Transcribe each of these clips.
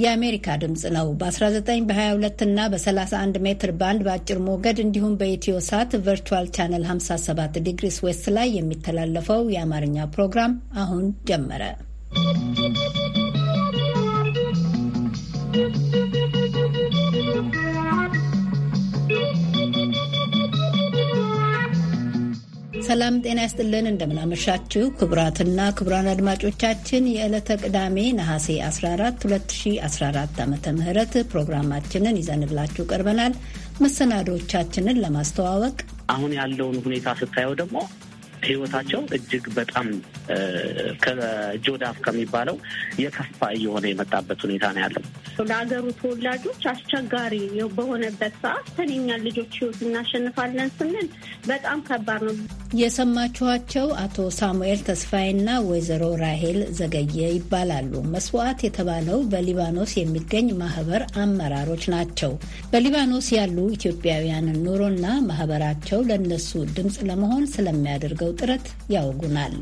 የአሜሪካ ድምፅ ነው። በ19 በ22 እና በ31 ሜትር ባንድ በአጭር ሞገድ እንዲሁም በኢትዮ ሳት ቨርቹዋል ቻነል 57 ዲግሪስ ዌስት ላይ የሚተላለፈው የአማርኛ ፕሮግራም አሁን ጀመረ። ሰላም ጤና ይስጥልን። እንደምናመሻችሁ ክቡራትና ክቡራን አድማጮቻችን የዕለተ ቅዳሜ ነሐሴ 14 2014 ዓ ም ፕሮግራማችንን ይዘንላችሁ ቀርበናል። መሰናዶዎቻችንን ለማስተዋወቅ አሁን ያለውን ሁኔታ ስታየው ደግሞ ህይወታቸው እጅግ በጣም ከጆዳፍ ከሚባለው የከፋ እየሆነ የመጣበት ሁኔታ ነው ያለው። ለሀገሩ ተወላጆች አስቸጋሪ በሆነበት ሰዓት ተኔኛ ልጆች ህይወት እናሸንፋለን ስንል በጣም ከባድ ነው። የሰማችኋቸው አቶ ሳሙኤል ተስፋዬና ወይዘሮ ራሄል ዘገየ ይባላሉ። መስዋዕት የተባለው በሊባኖስ የሚገኝ ማህበር አመራሮች ናቸው። በሊባኖስ ያሉ ኢትዮጵያውያንን ኑሮና ማህበራቸው ለነሱ ድምፅ ለመሆን ስለሚያደርገው ጥረት ያውጉናል።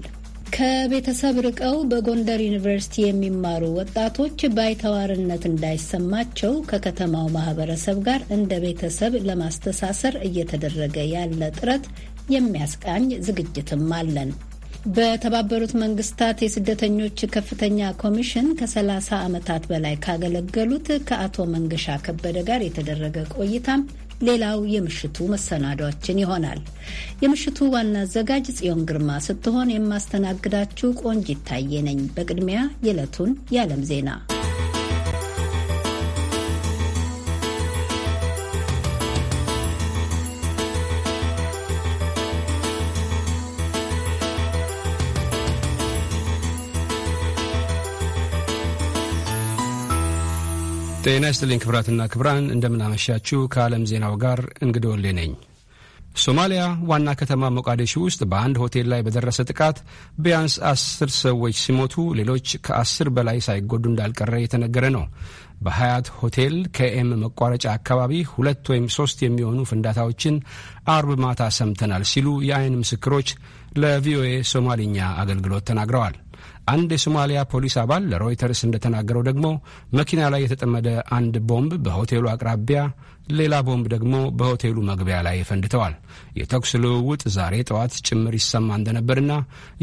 ከቤተሰብ ርቀው በጎንደር ዩኒቨርሲቲ የሚማሩ ወጣቶች ባይተዋርነት እንዳይሰማቸው ከከተማው ማህበረሰብ ጋር እንደ ቤተሰብ ለማስተሳሰር እየተደረገ ያለ ጥረት የሚያስቃኝ ዝግጅትም አለን። በተባበሩት መንግስታት የስደተኞች ከፍተኛ ኮሚሽን ከ30 ዓመታት በላይ ካገለገሉት ከአቶ መንገሻ ከበደ ጋር የተደረገ ቆይታም ሌላው የምሽቱ መሰናዷችን ይሆናል። የምሽቱ ዋና አዘጋጅ ጽዮን ግርማ ስትሆን የማስተናግዳችሁ ቆንጅ ይታየ ነኝ። በቅድሚያ የዕለቱን የዓለም ዜና ጤና ይስጥልኝ ክብራትና ክብራን፣ እንደምናመሻችው ከዓለም ዜናው ጋር እንግዳ ወሌ ነኝ። ሶማሊያ ዋና ከተማ ሞቃዲሾ ውስጥ በአንድ ሆቴል ላይ በደረሰ ጥቃት ቢያንስ አስር ሰዎች ሲሞቱ ሌሎች ከአስር በላይ ሳይጎዱ እንዳልቀረ የተነገረ ነው። በሀያት ሆቴል ከኤም መቋረጫ አካባቢ ሁለት ወይም ሶስት የሚሆኑ ፍንዳታዎችን አርብ ማታ ሰምተናል ሲሉ የአይን ምስክሮች ለቪኦኤ ሶማሊኛ አገልግሎት ተናግረዋል። አንድ የሶማሊያ ፖሊስ አባል ለሮይተርስ እንደተናገረው ደግሞ መኪና ላይ የተጠመደ አንድ ቦምብ በሆቴሉ አቅራቢያ፣ ሌላ ቦምብ ደግሞ በሆቴሉ መግቢያ ላይ ፈንድተዋል። የተኩስ ልውውጥ ዛሬ ጠዋት ጭምር ይሰማ እንደነበርና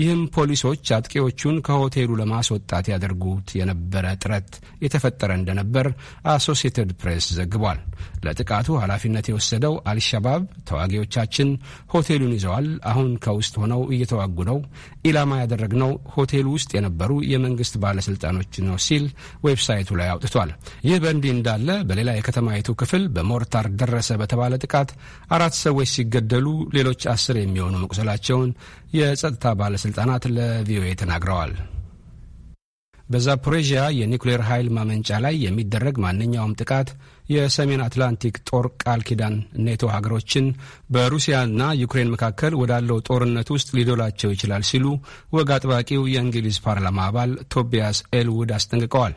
ይህም ፖሊሶች አጥቂዎቹን ከሆቴሉ ለማስወጣት ያደርጉት የነበረ ጥረት የተፈጠረ እንደነበር አሶሲየትድ ፕሬስ ዘግቧል። ለጥቃቱ ኃላፊነት የወሰደው አልሸባብ ተዋጊዎቻችን ሆቴሉን ይዘዋል፣ አሁን ከውስጥ ሆነው እየተዋጉ ነው፣ ኢላማ ያደረግነው ሆቴሉ ውስጥ የነበሩ የመንግስት ባለስልጣኖች ነው ሲል ዌብሳይቱ ላይ አውጥቷል። ይህ በእንዲህ እንዳለ በሌላ የከተማይቱ ክፍል በሞርታር ደረሰ በተባለ ጥቃት አራት ሰዎች ሲገደሉ ሲገደሉ ሌሎች አስር የሚሆኑ መቁሰላቸውን የጸጥታ ባለሥልጣናት ለቪኦኤ ተናግረዋል። በዛፖሬዥያ የኒኩሌር ኃይል ማመንጫ ላይ የሚደረግ ማንኛውም ጥቃት የሰሜን አትላንቲክ ጦር ቃል ኪዳን ኔቶ ሀገሮችን በሩሲያና ዩክሬን መካከል ወዳለው ጦርነት ውስጥ ሊዶላቸው ይችላል ሲሉ ወግ አጥባቂው የእንግሊዝ ፓርላማ አባል ቶቢያስ ኤልውድ አስጠንቅቀዋል።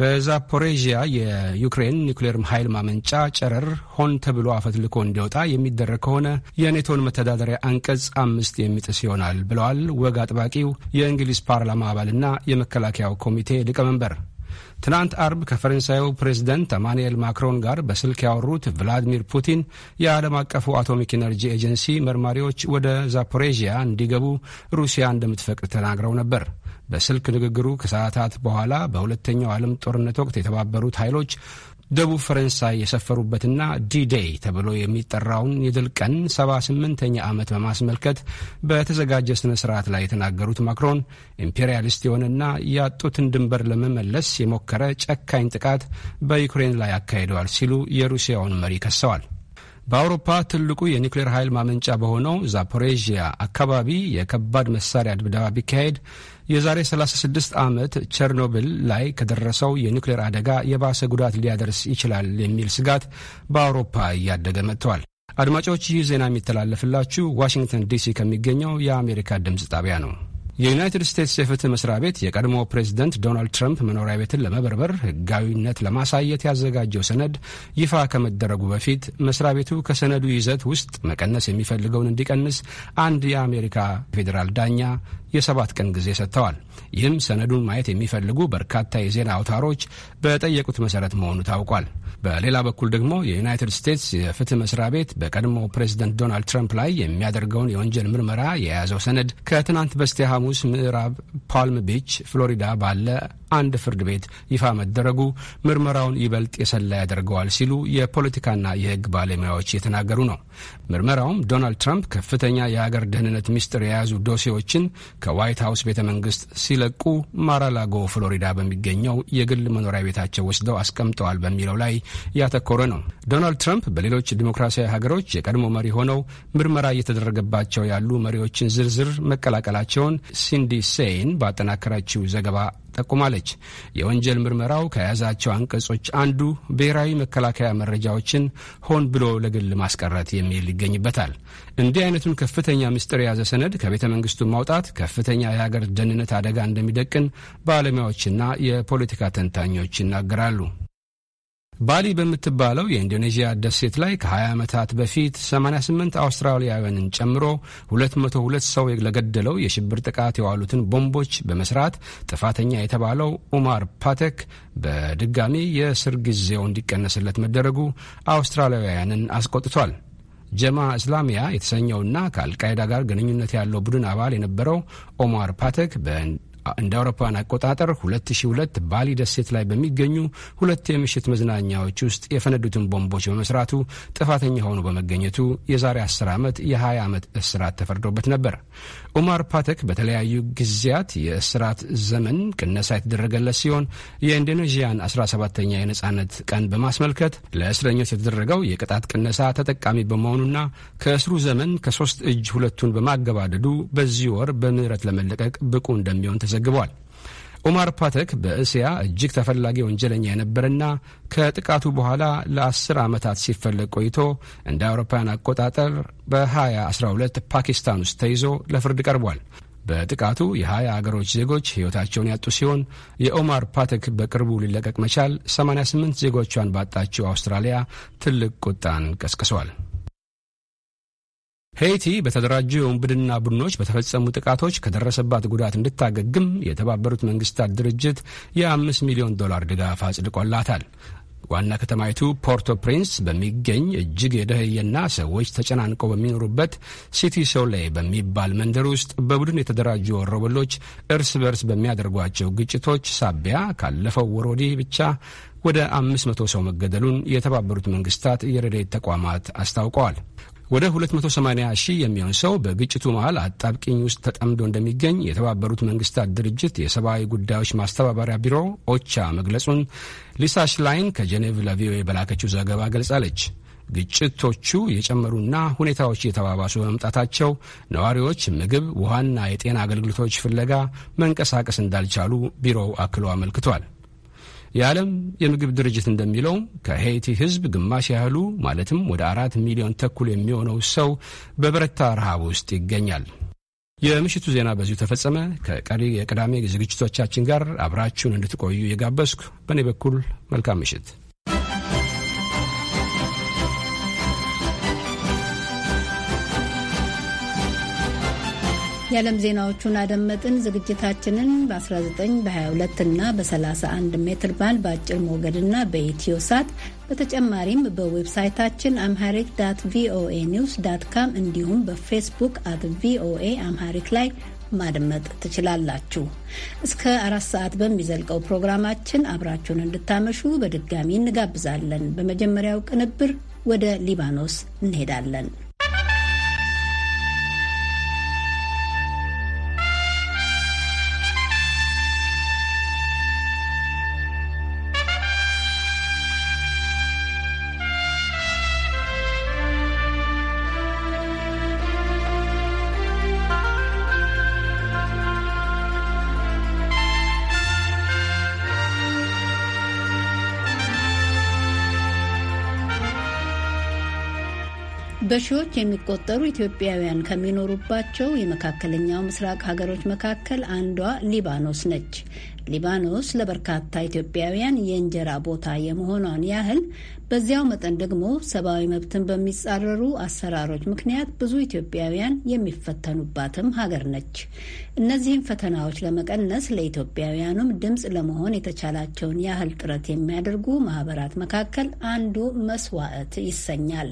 በዛፖሬዥያ የዩክሬን ኒውክሌር ኃይል ማመንጫ ጨረር ሆን ተብሎ አፈትልኮ እንዲወጣ የሚደረግ ከሆነ የኔቶን መተዳደሪያ አንቀጽ አምስት የሚጥስ ይሆናል ብለዋል ወግ አጥባቂው የእንግሊዝ ፓርላማ አባልና የመከላከያው ኮሚቴ ሊቀመንበር። ትናንት አርብ ከፈረንሳዩ ፕሬዚደንት አማኑኤል ማክሮን ጋር በስልክ ያወሩት ቭላዲሚር ፑቲን የዓለም አቀፉ አቶሚክ ኤነርጂ ኤጀንሲ መርማሪዎች ወደ ዛፖሬዥያ እንዲገቡ ሩሲያ እንደምትፈቅድ ተናግረው ነበር። በስልክ ንግግሩ ከሰዓታት በኋላ በሁለተኛው ዓለም ጦርነት ወቅት የተባበሩት ኃይሎች ደቡብ ፈረንሳይ የሰፈሩበትና ዲዴይ ተብሎ የሚጠራውን የድል ቀን 78ኛ ዓመት በማስመልከት በተዘጋጀ ሥነ ሥርዓት ላይ የተናገሩት ማክሮን ኢምፔሪያሊስት የሆነና ያጡትን ድንበር ለመመለስ የሞከረ ጨካኝ ጥቃት በዩክሬን ላይ አካሂደዋል ሲሉ የሩሲያውን መሪ ከሰዋል። በአውሮፓ ትልቁ የኒውክሌር ኃይል ማመንጫ በሆነው ዛፖሬዥያ አካባቢ የከባድ መሳሪያ ድብደባ ቢካሄድ የዛሬ 36 ዓመት ቸርኖብል ላይ ከደረሰው የኒውክሌር አደጋ የባሰ ጉዳት ሊያደርስ ይችላል የሚል ስጋት በአውሮፓ እያደገ መጥተዋል። አድማጮች፣ ይህ ዜና የሚተላለፍላችሁ ዋሽንግተን ዲሲ ከሚገኘው የአሜሪካ ድምፅ ጣቢያ ነው። የዩናይትድ ስቴትስ የፍትህ መስሪያ ቤት የቀድሞ ፕሬዝደንት ዶናልድ ትራምፕ መኖሪያ ቤትን ለመበርበር ህጋዊነት ለማሳየት ያዘጋጀው ሰነድ ይፋ ከመደረጉ በፊት መስሪያ ቤቱ ከሰነዱ ይዘት ውስጥ መቀነስ የሚፈልገውን እንዲቀንስ አንድ የአሜሪካ ፌዴራል ዳኛ የሰባት ቀን ጊዜ ሰጥተዋል። ይህም ሰነዱን ማየት የሚፈልጉ በርካታ የዜና አውታሮች በጠየቁት መሰረት መሆኑ ታውቋል። በሌላ በኩል ደግሞ የዩናይትድ ስቴትስ የፍትህ መስሪያ ቤት በቀድሞው ፕሬዚደንት ዶናልድ ትራምፕ ላይ የሚያደርገውን የወንጀል ምርመራ የያዘው ሰነድ ከትናንት በስቲያ ሐሙስ ምዕራብ ፓልም ቢች ፍሎሪዳ ባለ አንድ ፍርድ ቤት ይፋ መደረጉ ምርመራውን ይበልጥ የሰላ ያደርገዋል ሲሉ የፖለቲካና የሕግ ባለሙያዎች እየተናገሩ ነው። ምርመራውም ዶናልድ ትራምፕ ከፍተኛ የሀገር ደህንነት ሚስጥር የያዙ ዶሴዎችን ከዋይት ሀውስ ቤተ መንግስት ሲለቁ ማራላጎ ፍሎሪዳ በሚገኘው የግል መኖሪያ ቤታቸው ወስደው አስቀምጠዋል በሚለው ላይ ያተኮረ ነው። ዶናልድ ትራምፕ በሌሎች ዲሞክራሲያዊ ሀገሮች የቀድሞ መሪ ሆነው ምርመራ እየተደረገባቸው ያሉ መሪዎችን ዝርዝር መቀላቀላቸውን ሲንዲ ሴይን ባጠናከረችው ዘገባ ጠቁማለች። አስታውቃለች። የወንጀል ምርመራው ከያዛቸው አንቀጾች አንዱ ብሔራዊ መከላከያ መረጃዎችን ሆን ብሎ ለግል ማስቀረት የሚል ይገኝበታል። እንዲህ አይነቱን ከፍተኛ ምስጢር የያዘ ሰነድ ከቤተ መንግስቱ ማውጣት ከፍተኛ የሀገር ደህንነት አደጋ እንደሚደቅን ባለሙያዎችና የፖለቲካ ተንታኞች ይናገራሉ። ባሊ በምትባለው የኢንዶኔዥያ ደሴት ላይ ከ20 ዓመታት በፊት 88 አውስትራሊያውያንን ጨምሮ 202 ሰው ለገደለው የሽብር ጥቃት የዋሉትን ቦምቦች በመስራት ጥፋተኛ የተባለው ኡማር ፓቴክ በድጋሚ የእስር ጊዜው እንዲቀነስለት መደረጉ አውስትራሊያውያንን አስቆጥቷል። ጀማ እስላሚያ የተሰኘውና ከአልቃይዳ ጋር ግንኙነት ያለው ቡድን አባል የነበረው ኦማር ፓቴክ እንደ አውሮፓውያን አቆጣጠር 2002 ባሊ ደሴት ላይ በሚገኙ ሁለት የምሽት መዝናኛዎች ውስጥ የፈነዱትን ቦምቦች በመስራቱ ጥፋተኛ ሆኖ በመገኘቱ የዛሬ 10 ዓመት የ20 ዓመት እስራት ተፈርዶበት ነበር። ኦማር ፓተክ በተለያዩ ጊዜያት የእስራት ዘመን ቅነሳ የተደረገለት ሲሆን የኢንዶኔዥያን 17 ተኛ የነጻነት ቀን በማስመልከት ለእስረኞች የተደረገው የቅጣት ቅነሳ ተጠቃሚ በመሆኑና ከእስሩ ዘመን ከሶስት እጅ ሁለቱን በማገባደዱ በዚህ ወር በምህረት ለመለቀቅ ብቁ እንደሚሆን ተዘግቧል። ኦማር ፓተክ በእስያ እጅግ ተፈላጊ ወንጀለኛ የነበረና ከጥቃቱ በኋላ ለአስር ዓመታት ሲፈለግ ቆይቶ እንደ አውሮፓውያን አቆጣጠር በ2012 ፓኪስታን ውስጥ ተይዞ ለፍርድ ቀርቧል። በጥቃቱ የ20 አገሮች ዜጎች ሕይወታቸውን ያጡ ሲሆን የኦማር ፓተክ በቅርቡ ሊለቀቅ መቻል 88 ዜጎቿን ባጣችው አውስትራሊያ ትልቅ ቁጣን ቀስቅሷል። ሄይቲ በተደራጁ የውንብድና ቡድኖች በተፈጸሙ ጥቃቶች ከደረሰባት ጉዳት እንድታገግም የተባበሩት መንግስታት ድርጅት የአምስት ሚሊዮን ዶላር ድጋፍ አጽድቆላታል። ዋና ከተማይቱ ፖርቶ ፕሪንስ በሚገኝ እጅግ የደህየና ሰዎች ተጨናንቀው በሚኖሩበት ሲቲ ሶሌ በሚባል መንደር ውስጥ በቡድን የተደራጁ ወሮበሎች እርስ በርስ በሚያደርጓቸው ግጭቶች ሳቢያ ካለፈው ወር ወዲህ ብቻ ወደ አምስት መቶ ሰው መገደሉን የተባበሩት መንግስታት የረድኤት ተቋማት አስታውቀዋል። ወደ 280 ሺህ የሚሆን ሰው በግጭቱ መሃል አጣብቅኝ ውስጥ ተጠምዶ እንደሚገኝ የተባበሩት መንግስታት ድርጅት የሰብአዊ ጉዳዮች ማስተባበሪያ ቢሮ ኦቻ መግለጹን ሊሳ ሽላይን ከጄኔቭ ለቪኦኤ በላከችው ዘገባ ገልጻለች። ግጭቶቹ የጨመሩና ሁኔታዎች እየተባባሱ በመምጣታቸው ነዋሪዎች ምግብ፣ ውሃና የጤና አገልግሎቶች ፍለጋ መንቀሳቀስ እንዳልቻሉ ቢሮው አክሎ አመልክቷል። የዓለም የምግብ ድርጅት እንደሚለውም ከሄይቲ ሕዝብ ግማሽ ያህሉ ማለትም ወደ አራት ሚሊዮን ተኩል የሚሆነው ሰው በበረታ ረሃብ ውስጥ ይገኛል። የምሽቱ ዜና በዚሁ ተፈጸመ። ከቀሪ የቅዳሜ ዝግጅቶቻችን ጋር አብራችሁን እንድትቆዩ የጋበዝኩ በእኔ በኩል መልካም ምሽት። የዓለም ዜናዎቹን አደመጥን። ዝግጅታችንን በ19 በ22 እና በ31 ሜትር ባንድ በአጭር ሞገድና በኢትዮ ሳት በተጨማሪም በዌብሳይታችን አምሃሪክ ዳት ቪኦኤ ኒውስ ዳት ካም እንዲሁም በፌስቡክ አት ቪኦኤ አምሃሪክ ላይ ማድመጥ ትችላላችሁ። እስከ አራት ሰዓት በሚዘልቀው ፕሮግራማችን አብራችሁን እንድታመሹ በድጋሚ እንጋብዛለን። በመጀመሪያው ቅንብር ወደ ሊባኖስ እንሄዳለን። በሺዎች የሚቆጠሩ ኢትዮጵያውያን ከሚኖሩባቸው የመካከለኛው ምስራቅ ሀገሮች መካከል አንዷ ሊባኖስ ነች። ሊባኖስ ለበርካታ ኢትዮጵያውያን የእንጀራ ቦታ የመሆኗን ያህል በዚያው መጠን ደግሞ ሰብአዊ መብትን በሚጻረሩ አሰራሮች ምክንያት ብዙ ኢትዮጵያውያን የሚፈተኑባትም ሀገር ነች። እነዚህን ፈተናዎች ለመቀነስ ለኢትዮጵያውያኑም ድምፅ ለመሆን የተቻላቸውን ያህል ጥረት የሚያደርጉ ማህበራት መካከል አንዱ መስዋዕት ይሰኛል።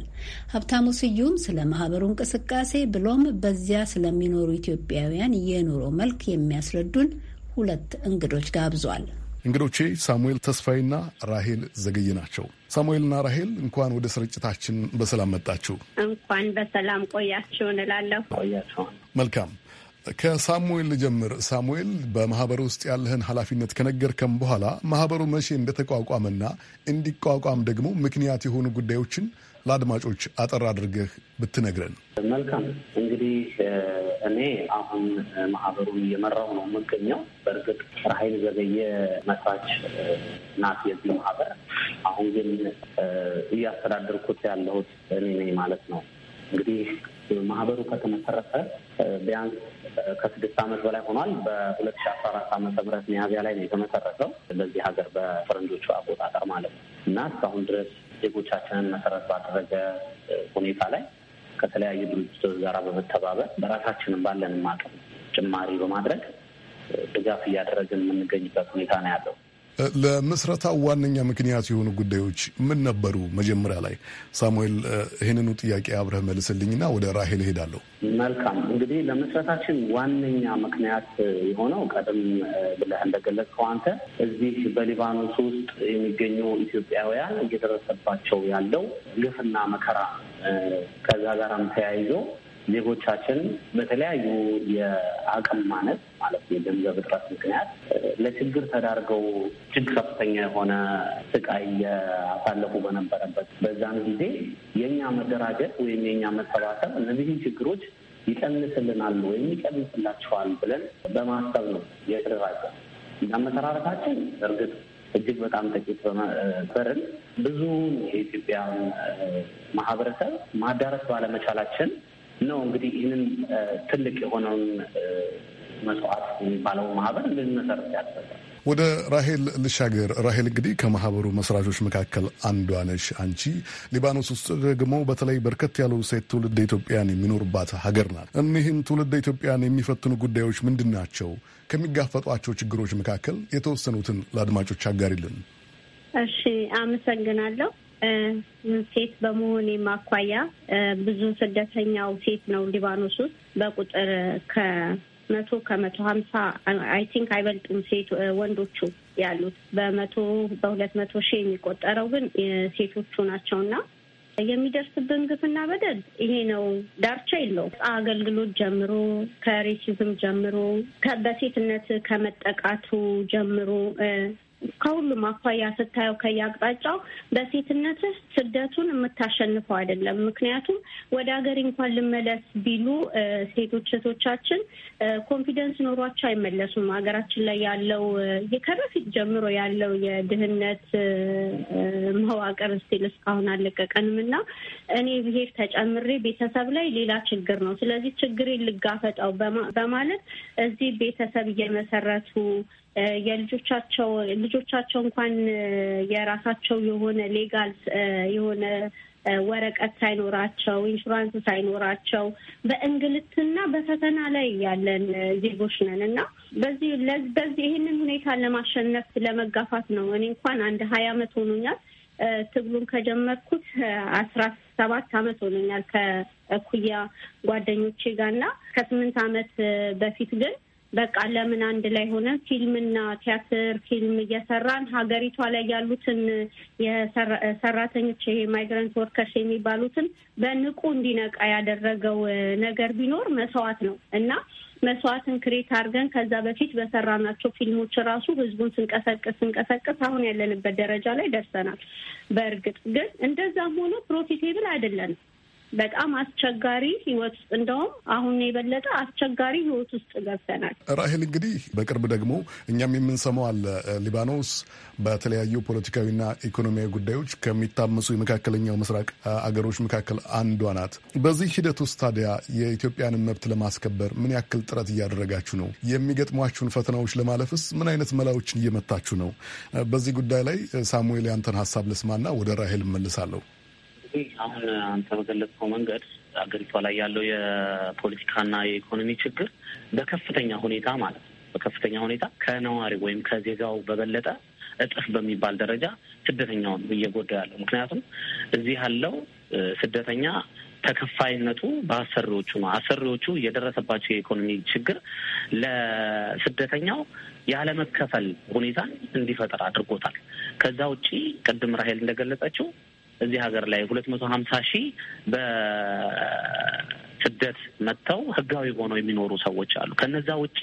ሀብታሙ ስዩም ስለ ማህበሩ እንቅስቃሴ ብሎም በዚያ ስለሚኖሩ ኢትዮጵያውያን የኑሮ መልክ የሚያስረዱን ሁለት እንግዶች ጋብዟል። እንግዶቼ ሳሙኤል ተስፋዬና ራሄል ዘገየ ናቸው። ሳሙኤልና ራሄል እንኳን ወደ ስርጭታችን በሰላም መጣችሁ። እንኳን በሰላም ቆያችሁ እንላለሁ። ቆያችሁ። መልካም ከሳሙኤል ልጀምር። ሳሙኤል በማህበር ውስጥ ያለህን ኃላፊነት ከነገርከም በኋላ ማህበሩ መቼ እንደተቋቋመና እንዲቋቋም ደግሞ ምክንያት የሆኑ ጉዳዮችን ለአድማጮች አጠር አድርገህ ብትነግረን። መልካም እንግዲህ እኔ አሁን ማህበሩን እየመራው ነው የምገኘው። በእርግጥ ራሀይል ዘገየ መስራች ናት የዚህ ማህበር። አሁን ግን እያስተዳደርኩት ያለሁት እኔ ነኝ ማለት ነው። እንግዲህ ማህበሩ ከተመሰረተ ቢያንስ ከስድስት ዓመት በላይ ሆኗል። በሁለት ሺ አስራ አራት ዓመተ ምህረት ሚያዝያ ላይ ነው የተመሰረተው በዚህ ሀገር በፈረንጆቹ አቆጣጠር ማለት ነው እና እስካሁን ድረስ ዜጎቻችንን መሰረት ባደረገ ሁኔታ ላይ ከተለያዩ ድርጅቶች ጋራ በመተባበር በራሳችንም ባለንም አቅም ጭማሪ በማድረግ ድጋፍ እያደረግን የምንገኝበት ሁኔታ ነው ያለው። ለምስረታው ዋነኛ ምክንያት የሆኑ ጉዳዮች ምን ነበሩ? መጀመሪያ ላይ ሳሙኤል ይህንኑ ጥያቄ አብረህ መልስልኝና ወደ ራሄል እሄዳለሁ። መልካም እንግዲህ ለምስረታችን ዋነኛ ምክንያት የሆነው ቀደም ብለህ እንደገለጽከው አንተ እዚህ በሊባኖስ ውስጥ የሚገኙ ኢትዮጵያውያን እየደረሰባቸው ያለው ግፍና መከራ ከዛ ጋራም ተያይዞ ዜጎቻችን በተለያዩ የአቅም ማነት ማለት የገንዘብ እጥረት ምክንያት ለችግር ተዳርገው እጅግ ከፍተኛ የሆነ ስቃይ እያሳለፉ በነበረበት በዛም ጊዜ የእኛ መደራጀት ወይም የእኛ መሰባሰብ እነዚህን ችግሮች ይቀንስልናል ወይም ይቀንስላቸዋል ብለን በማሰብ ነው የተደራጀ። መሰራረታችን እርግጥ እጅግ በጣም ጥቂት በርን ብዙ የኢትዮጵያ ማህበረሰብ ማዳረስ ባለመቻላችን ነው እንግዲህ ይህንን ትልቅ የሆነውን መስዋዕት የሚባለው ማህበር ልንመሰረት ያደረገ ወደ ራሄል ልሻገር። ራሄል እንግዲህ ከማህበሩ መስራቾች መካከል አንዷ ነሽ። አንቺ ሊባኖስ ውስጥ ደግሞ በተለይ በርከት ያሉ ሴት ትውልድ ኢትዮጵያን የሚኖሩባት ሀገር ናት። እኒህን ትውልድ ኢትዮጵያን የሚፈትኑ ጉዳዮች ምንድን ናቸው? ከሚጋፈጧቸው ችግሮች መካከል የተወሰኑትን ለአድማጮች አጋሪልን። እሺ፣ አመሰግናለሁ። ሴት በመሆኔ የማኳያ ብዙ ስደተኛው ሴት ነው ሊባኖስ ውስጥ በቁጥር ከመቶ ከመቶ ሀምሳ አይ ቲንክ አይበልጡም ሴት ወንዶቹ ያሉት በመቶ በሁለት መቶ ሺህ የሚቆጠረው ግን ሴቶቹ ናቸውና የሚደርስብን ግፍና በደል ይሄ ነው። ዳርቻ የለው አገልግሎት ጀምሮ ከሬሲዝም ጀምሮ በሴትነት ከመጠቃቱ ጀምሮ ከሁሉም አኳያ ስታየው ከየአቅጣጫው በሴትነትህ ስደቱን የምታሸንፈው አይደለም። ምክንያቱም ወደ ሀገር እንኳን ልመለስ ቢሉ ሴቶች እህቶቻችን ኮንፊደንስ ኖሯቸው አይመለሱም። ሀገራችን ላይ ያለው ከበፊት ጀምሮ ያለው የድህነት መዋቅር ስቲል እስካሁን አልለቀቀንም እና እኔ ብሄር ተጨምሬ ቤተሰብ ላይ ሌላ ችግር ነው፣ ስለዚህ ችግሬ ልጋፈጠው በማለት እዚህ ቤተሰብ እየመሰረቱ የልጆቻቸው ልጆቻቸው እንኳን የራሳቸው የሆነ ሌጋል የሆነ ወረቀት ሳይኖራቸው ኢንሹራንስ ሳይኖራቸው በእንግልትና በፈተና ላይ ያለን ዜጎች ነን እና በዚህ በዚህ ይህንን ሁኔታ ለማሸነፍ ለመጋፋት ነው። እኔ እንኳን አንድ ሀያ አመት ሆኖኛል ትግሉን ከጀመርኩት አስራ ሰባት አመት ሆኖኛል ከእኩያ ጓደኞቼ ጋር እና ከስምንት አመት በፊት ግን በቃ ለምን አንድ ላይ ሆነን ፊልምና ቲያትር ፊልም እየሰራን ሀገሪቷ ላይ ያሉትን የሰራተኞች ማይግራንት ወርከርስ የሚባሉትን በንቁ እንዲነቃ ያደረገው ነገር ቢኖር መስዋዕት ነው እና መስዋዕትን ክሬት አድርገን ከዛ በፊት በሰራናቸው ፊልሞች ራሱ ህዝቡን ስንቀሰቅስ ስንቀሰቅስ አሁን ያለንበት ደረጃ ላይ ደርሰናል። በእርግጥ ግን እንደዛም ሆኖ ፕሮፊቴብል አይደለንም። በጣም አስቸጋሪ ህይወት ውስጥ እንደውም አሁን የበለጠ አስቸጋሪ ህይወት ውስጥ ገብተናል። ራሄል እንግዲህ በቅርብ ደግሞ እኛም የምንሰማው አለ ሊባኖስ በተለያዩ ፖለቲካዊና ኢኮኖሚያዊ ጉዳዮች ከሚታመሱ የመካከለኛው ምስራቅ አገሮች መካከል አንዷ ናት። በዚህ ሂደት ውስጥ ታዲያ የኢትዮጵያንን መብት ለማስከበር ምን ያክል ጥረት እያደረጋችሁ ነው? የሚገጥሟችሁን ፈተናዎች ለማለፍስ ምን አይነት መላዎችን እየመታችሁ ነው? በዚህ ጉዳይ ላይ ሳሙኤል ያንተን ሀሳብ ልስማና ወደ ራሄል እመልሳለሁ። እንግዲህ አሁን አንተ በገለጽከው መንገድ አገሪቷ ላይ ያለው የፖለቲካና የኢኮኖሚ ችግር በከፍተኛ ሁኔታ ማለት ነው በከፍተኛ ሁኔታ ከነዋሪ ወይም ከዜጋው በበለጠ እጥፍ በሚባል ደረጃ ስደተኛውን እየጎዳ ያለው ምክንያቱም እዚህ ያለው ስደተኛ ተከፋይነቱ በአሰሪዎቹ ነው። አሰሪዎቹ የደረሰባቸው የኢኮኖሚ ችግር ለስደተኛው ያለመከፈል ሁኔታን እንዲፈጠር አድርጎታል። ከዛ ውጪ ቅድም ራሄል እንደገለጸችው እዚህ ሀገር ላይ ሁለት መቶ ሀምሳ ሺህ በስደት መጥተው ህጋዊ ሆነው የሚኖሩ ሰዎች አሉ። ከነዛ ውጪ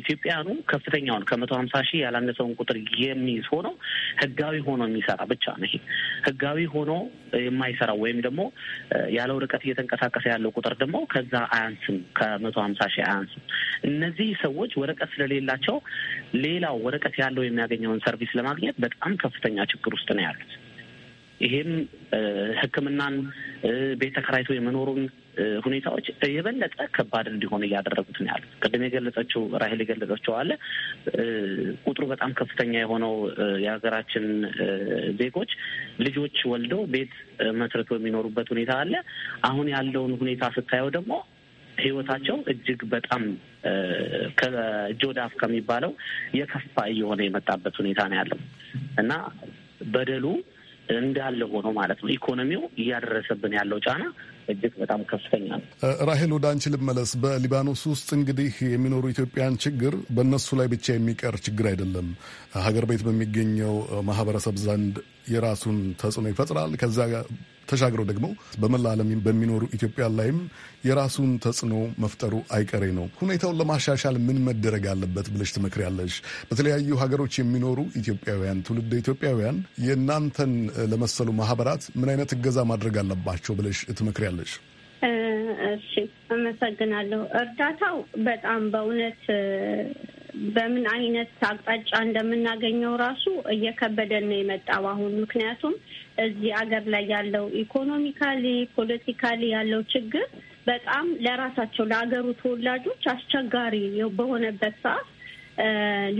ኢትዮጵያኑ ከፍተኛውን ከመቶ ሀምሳ ሺህ ያላነሰውን ቁጥር የሚይዝ ሆነው ህጋዊ ሆኖ የሚሰራ ብቻ ነው። ይሄ ህጋዊ ሆኖ የማይሰራው ወይም ደግሞ ያለ ወረቀት እየተንቀሳቀሰ ያለው ቁጥር ደግሞ ከዛ አያንስም፣ ከመቶ ሀምሳ ሺህ አያንስም። እነዚህ ሰዎች ወረቀት ስለሌላቸው ሌላው ወረቀት ያለው የሚያገኘውን ሰርቪስ ለማግኘት በጣም ከፍተኛ ችግር ውስጥ ነው ያሉት። ይሄም ሕክምናን ቤት ተከራይቶ የመኖሩን ሁኔታዎች የበለጠ ከባድ እንዲሆን እያደረጉት ነው ያሉት። ቅድም የገለጸችው ራሄል የገለጸችው አለ ቁጥሩ በጣም ከፍተኛ የሆነው የሀገራችን ዜጎች ልጆች ወልደው ቤት መስርቶ የሚኖሩበት ሁኔታ አለ። አሁን ያለውን ሁኔታ ስታየው ደግሞ ህይወታቸው እጅግ በጣም ከጆዳፍ ከሚባለው የከፋ እየሆነ የመጣበት ሁኔታ ነው ያለው እና በደሉ እንዳለ ሆኖ ማለት ነው ኢኮኖሚው እያደረሰብን ያለው ጫና እጅግ በጣም ከፍተኛ ነው። ራሄል ወደ አንቺ ልመለስ። በሊባኖስ ውስጥ እንግዲህ የሚኖሩ ኢትዮጵያን ችግር በእነሱ ላይ ብቻ የሚቀር ችግር አይደለም። ሀገር ቤት በሚገኘው ማህበረሰብ ዘንድ የራሱን ተጽዕኖ ይፈጥራል። ከዚያ ተሻግሮ ደግሞ በመላ ዓለም በሚኖሩ ኢትዮጵያ ላይም የራሱን ተጽዕኖ መፍጠሩ አይቀሬ ነው። ሁኔታውን ለማሻሻል ምን መደረግ አለበት ብለሽ ትመክሪያለሽ? በተለያዩ ሀገሮች የሚኖሩ ኢትዮጵያውያን፣ ትውልደ ኢትዮጵያውያን የእናንተን ለመሰሉ ማህበራት ምን አይነት እገዛ ማድረግ አለባቸው ብለሽ ትመክሪያለሽ? እሺ፣ አመሰግናለሁ። እርዳታው በጣም በእውነት በምን አይነት አቅጣጫ እንደምናገኘው ራሱ እየከበደን ነው የመጣው አሁን። ምክንያቱም እዚህ አገር ላይ ያለው ኢኮኖሚካሊ ፖለቲካሊ ያለው ችግር በጣም ለራሳቸው ለሀገሩ ተወላጆች አስቸጋሪ በሆነበት ሰዓት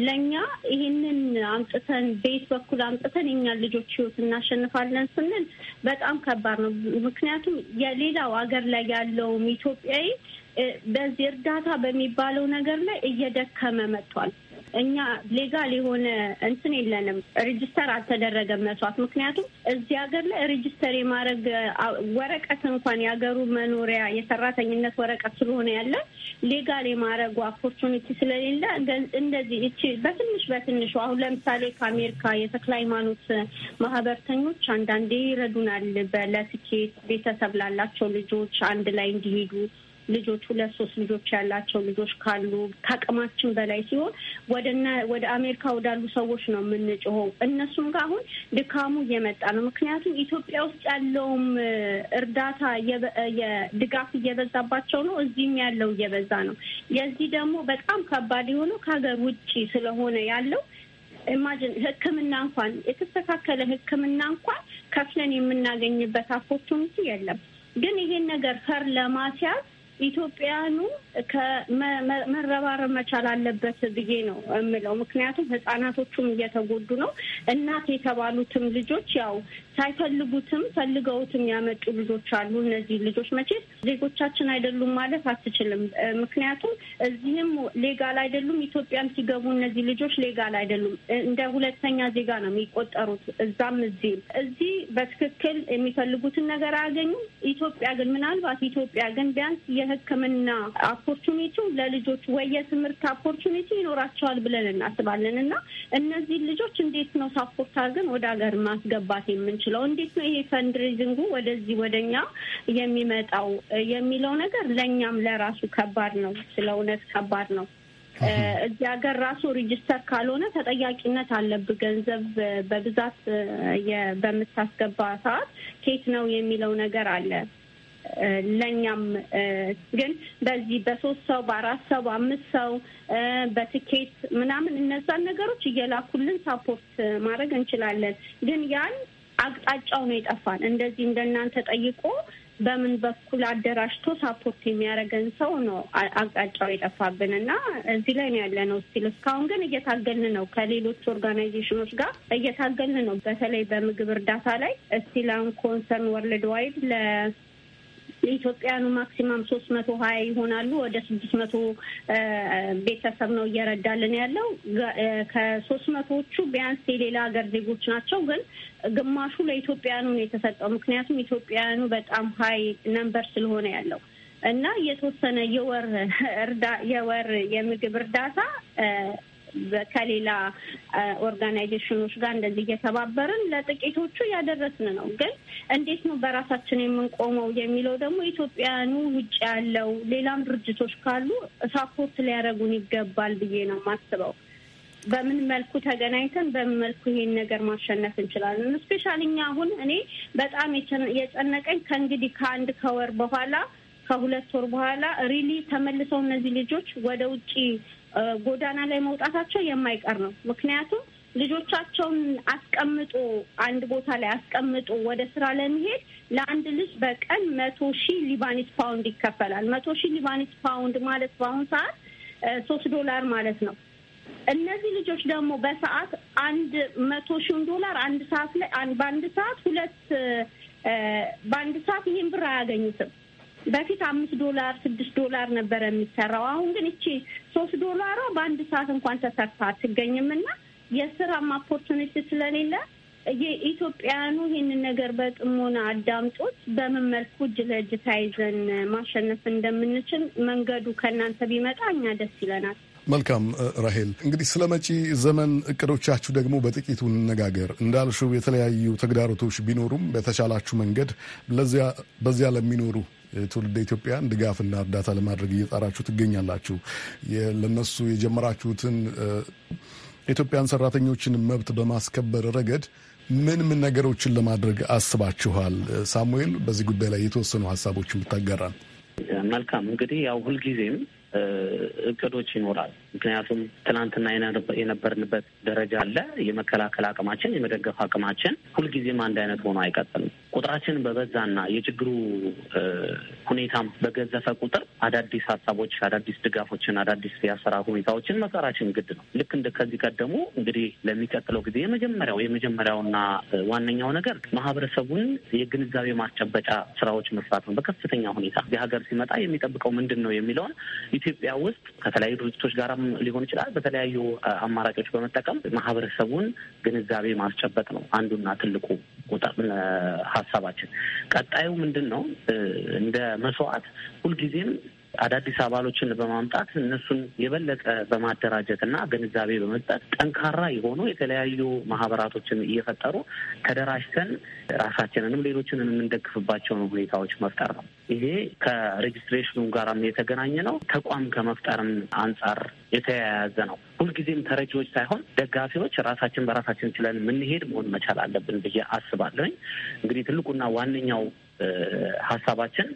ለእኛ ይህንን አምጥተን ቤት በኩል አምጥተን የኛ ልጆች ህይወት እናሸንፋለን ስንል በጣም ከባድ ነው። ምክንያቱም የሌላው ሀገር ላይ ያለውም ኢትዮጵያዊ በዚህ እርዳታ በሚባለው ነገር ላይ እየደከመ መጥቷል። እኛ ሌጋል የሆነ እንትን የለንም፣ ሬጅስተር አልተደረገም መስዋዕት። ምክንያቱም እዚህ ሀገር ላይ ሬጅስተር የማድረግ ወረቀት እንኳን የሀገሩ መኖሪያ የሰራተኝነት ወረቀት ስለሆነ ያለ ሌጋል የማድረጉ አፖርቹኒቲ ስለሌለ እንደዚህ እቺ በትንሽ በትንሹ አሁን ለምሳሌ ከአሜሪካ የተክለ ሃይማኖት ማህበርተኞች አንዳንዴ ይረዱናል፣ ለስኬት ቤተሰብ ላላቸው ልጆች አንድ ላይ እንዲሄዱ ልጆች ሁለት ሶስት ልጆች ያላቸው ልጆች ካሉ ከአቅማችን በላይ ሲሆን ወደና ወደ አሜሪካ ወዳሉ ሰዎች ነው የምንጮኸው። እነሱም ጋር አሁን ድካሙ እየመጣ ነው። ምክንያቱም ኢትዮጵያ ውስጥ ያለውም እርዳታ ድጋፍ እየበዛባቸው ነው። እዚህም ያለው እየበዛ ነው። የዚህ ደግሞ በጣም ከባድ የሆነው ከሀገር ውጭ ስለሆነ ያለው ኢማጂን ሕክምና እንኳን የተስተካከለ ሕክምና እንኳን ከፍለን የምናገኝበት አፖርቹኒቲ የለም። ግን ይሄን ነገር ፈር ለማስያዝ ኢትዮጵያኑ መረባረብ መቻል አለበት ብዬ ነው የምለው። ምክንያቱም ህጻናቶቹም እየተጎዱ ነው። እናት የተባሉትም ልጆች ያው ሳይፈልጉትም ፈልገውትም ያመጡ ልጆች አሉ። እነዚህ ልጆች መቼ ዜጎቻችን አይደሉም ማለት አትችልም። ምክንያቱም እዚህም ሌጋል አይደሉም፣ ኢትዮጵያም ሲገቡ እነዚህ ልጆች ሌጋል አይደሉም። እንደ ሁለተኛ ዜጋ ነው የሚቆጠሩት እዛም እዚህም። እዚህ በትክክል የሚፈልጉትን ነገር አያገኙም። ኢትዮጵያ ግን ምናልባት ኢትዮጵያ ግን ቢያንስ የሕክምና አፖርቹኒቲው ለልጆች ወይ የትምህርት አፖርቹኒቲ ይኖራቸዋል ብለን እናስባለን እና እነዚህን ልጆች እንዴት ነው ሳፖርት አድርገን ወደ ሀገር ማስገባት የምንችለው? እንዴት ነው ይሄ ፈንድሬዚንጉ ወደዚህ ወደኛ የሚመጣው የሚለው ነገር ለእኛም ለራሱ ከባድ ነው። ስለ እውነት ከባድ ነው። እዚህ ሀገር ራሱ ሪጅስተር ካልሆነ ተጠያቂነት አለብህ። ገንዘብ በብዛት በምታስገባ ሰዓት ኬት ነው የሚለው ነገር አለ። ለእኛም ግን በዚህ በሶስት ሰው በአራት ሰው በአምስት ሰው በትኬት ምናምን እነዛን ነገሮች እየላኩልን ሳፖርት ማድረግ እንችላለን። ግን ያን አቅጣጫው ነው የጠፋን። እንደዚህ እንደናንተ ጠይቆ በምን በኩል አደራጅቶ ሳፖርት የሚያደርገን ሰው ነው አቅጣጫው የጠፋብን እና እዚህ ላይ ነው ያለ ነው ስቲል። እስካሁን ግን እየታገልን ነው ከሌሎች ኦርጋናይዜሽኖች ጋር እየታገልን ነው። በተለይ በምግብ እርዳታ ላይ ስቲላን ኮንሰርን ወርልድ ዋይድ የኢትዮጵያኑ ማክሲማም ሶስት መቶ ሀያ ይሆናሉ። ወደ ስድስት መቶ ቤተሰብ ነው እየረዳልን ያለው። ከሶስት መቶዎቹ ቢያንስ የሌላ ሀገር ዜጎች ናቸው፣ ግን ግማሹ ለኢትዮጵያኑ ነው የተሰጠው። ምክንያቱም ኢትዮጵያኑ በጣም ሀይ ነንበር ስለሆነ ያለው እና የተወሰነ የወር የወር የምግብ እርዳታ ከሌላ ኦርጋናይዜሽኖች ጋር እንደዚህ እየተባበርን ለጥቂቶቹ እያደረስን ነው። ግን እንዴት ነው በራሳችን የምንቆመው የሚለው ደግሞ ኢትዮጵያውያኑ ውጭ ያለው ሌላም ድርጅቶች ካሉ ሳፖርት ሊያደረጉን ይገባል ብዬ ነው የማስበው። በምን መልኩ ተገናኝተን በምን መልኩ ይሄን ነገር ማሸነፍ እንችላለን? እስፔሻሊ እኛ አሁን እኔ በጣም የጨነቀኝ ከእንግዲህ ከአንድ ከወር በኋላ ከሁለት ወር በኋላ ሪሊ ተመልሰው እነዚህ ልጆች ወደ ውጭ ጎዳና ላይ መውጣታቸው የማይቀር ነው። ምክንያቱም ልጆቻቸውን አስቀምጦ አንድ ቦታ ላይ አስቀምጦ ወደ ስራ ለመሄድ ለአንድ ልጅ በቀን መቶ ሺህ ሊባኒስ ፓውንድ ይከፈላል። መቶ ሺህ ሊባኒስ ፓውንድ ማለት በአሁኑ ሰዓት ሶስት ዶላር ማለት ነው። እነዚህ ልጆች ደግሞ በሰዓት አንድ መቶ ሺውን ዶላር አንድ ሰዓት ላይ በአንድ ሰዓት ሁለት በአንድ ሰዓት ይህን ብር አያገኙትም። በፊት አምስት ዶላር ስድስት ዶላር ነበረ የሚሰራው። አሁን ግን እቺ ሶስት ዶላሯ በአንድ ሰዓት እንኳን ተሰርታ አትገኝም እና የስራም ኦፖርቱኒቲ ስለሌለ የኢትዮጵያውያኑ ይህንን ነገር በጥሞና አዳምጦት በምን መልኩ እጅ ለእጅ ተያይዘን ማሸነፍ እንደምንችል መንገዱ ከእናንተ ቢመጣ እኛ ደስ ይለናል። መልካም ራሄል፣ እንግዲህ ስለ መጪ ዘመን እቅዶቻችሁ ደግሞ በጥቂቱ እንነጋገር። እንዳልሽው የተለያዩ ተግዳሮቶች ቢኖሩም በተቻላችሁ መንገድ ለዚያ በዚያ ለሚኖሩ ትውልደ ኢትዮጵያን ድጋፍና እርዳታ ለማድረግ እየጣራችሁ ትገኛላችሁ። ለነሱ የጀመራችሁትን ኢትዮጵያን ሰራተኞችን መብት በማስከበር ረገድ ምን ምን ነገሮችን ለማድረግ አስባችኋል? ሳሙኤል፣ በዚህ ጉዳይ ላይ የተወሰኑ ሀሳቦችን ብታጋራል። መልካም። እንግዲህ ያው ሁልጊዜም እቅዶች ይኖራል ምክንያቱም ትናንትና የነበርንበት ደረጃ አለ። የመከላከል አቅማችን፣ የመደገፍ አቅማችን ሁልጊዜም አንድ አይነት ሆኖ አይቀጥልም። ቁጥራችን በበዛና የችግሩ ሁኔታም በገዘፈ ቁጥር አዳዲስ ሀሳቦች፣ አዳዲስ ድጋፎችን፣ አዳዲስ የአሰራር ሁኔታዎችን መፍጠራችን ግድ ነው። ልክ እንደ ከዚህ ቀደሙ እንግዲህ ለሚቀጥለው ጊዜ የመጀመሪያው የመጀመሪያውና ዋነኛው ነገር ማህበረሰቡን የግንዛቤ ማስጨበጫ ስራዎች መስራት ነው። በከፍተኛ ሁኔታ የሀገር ሲመጣ የሚጠብቀው ምንድን ነው የሚለውን ኢትዮጵያ ውስጥ ከተለያዩ ድርጅቶች ጋር በቀጥታም ሊሆን ይችላል በተለያዩ አማራጮች በመጠቀም ማህበረሰቡን ግንዛቤ ማስጨበጥ ነው አንዱና ትልቁ ሀሳባችን። ቀጣዩ ምንድን ነው? እንደ መስዋዕት ሁልጊዜም አዳዲስ አባሎችን በማምጣት እነሱን የበለጠ በማደራጀት እና ግንዛቤ በመስጠት ጠንካራ የሆኑ የተለያዩ ማህበራቶችን እየፈጠሩ ተደራጅተን ራሳችንንም ሌሎችንን የምንደግፍባቸውን ሁኔታዎች መፍጠር ነው። ይሄ ከሬጅስትሬሽኑ ጋርም የተገናኘ ነው። ተቋም ከመፍጠርም አንጻር የተያያዘ ነው። ሁልጊዜም ተረጂዎች ሳይሆን ደጋፊዎች ራሳችን በራሳችን ችለን የምንሄድ መሆን መቻል አለብን ብዬ አስባለሁኝ። እንግዲህ ትልቁና ዋነኛው ሀሳባችን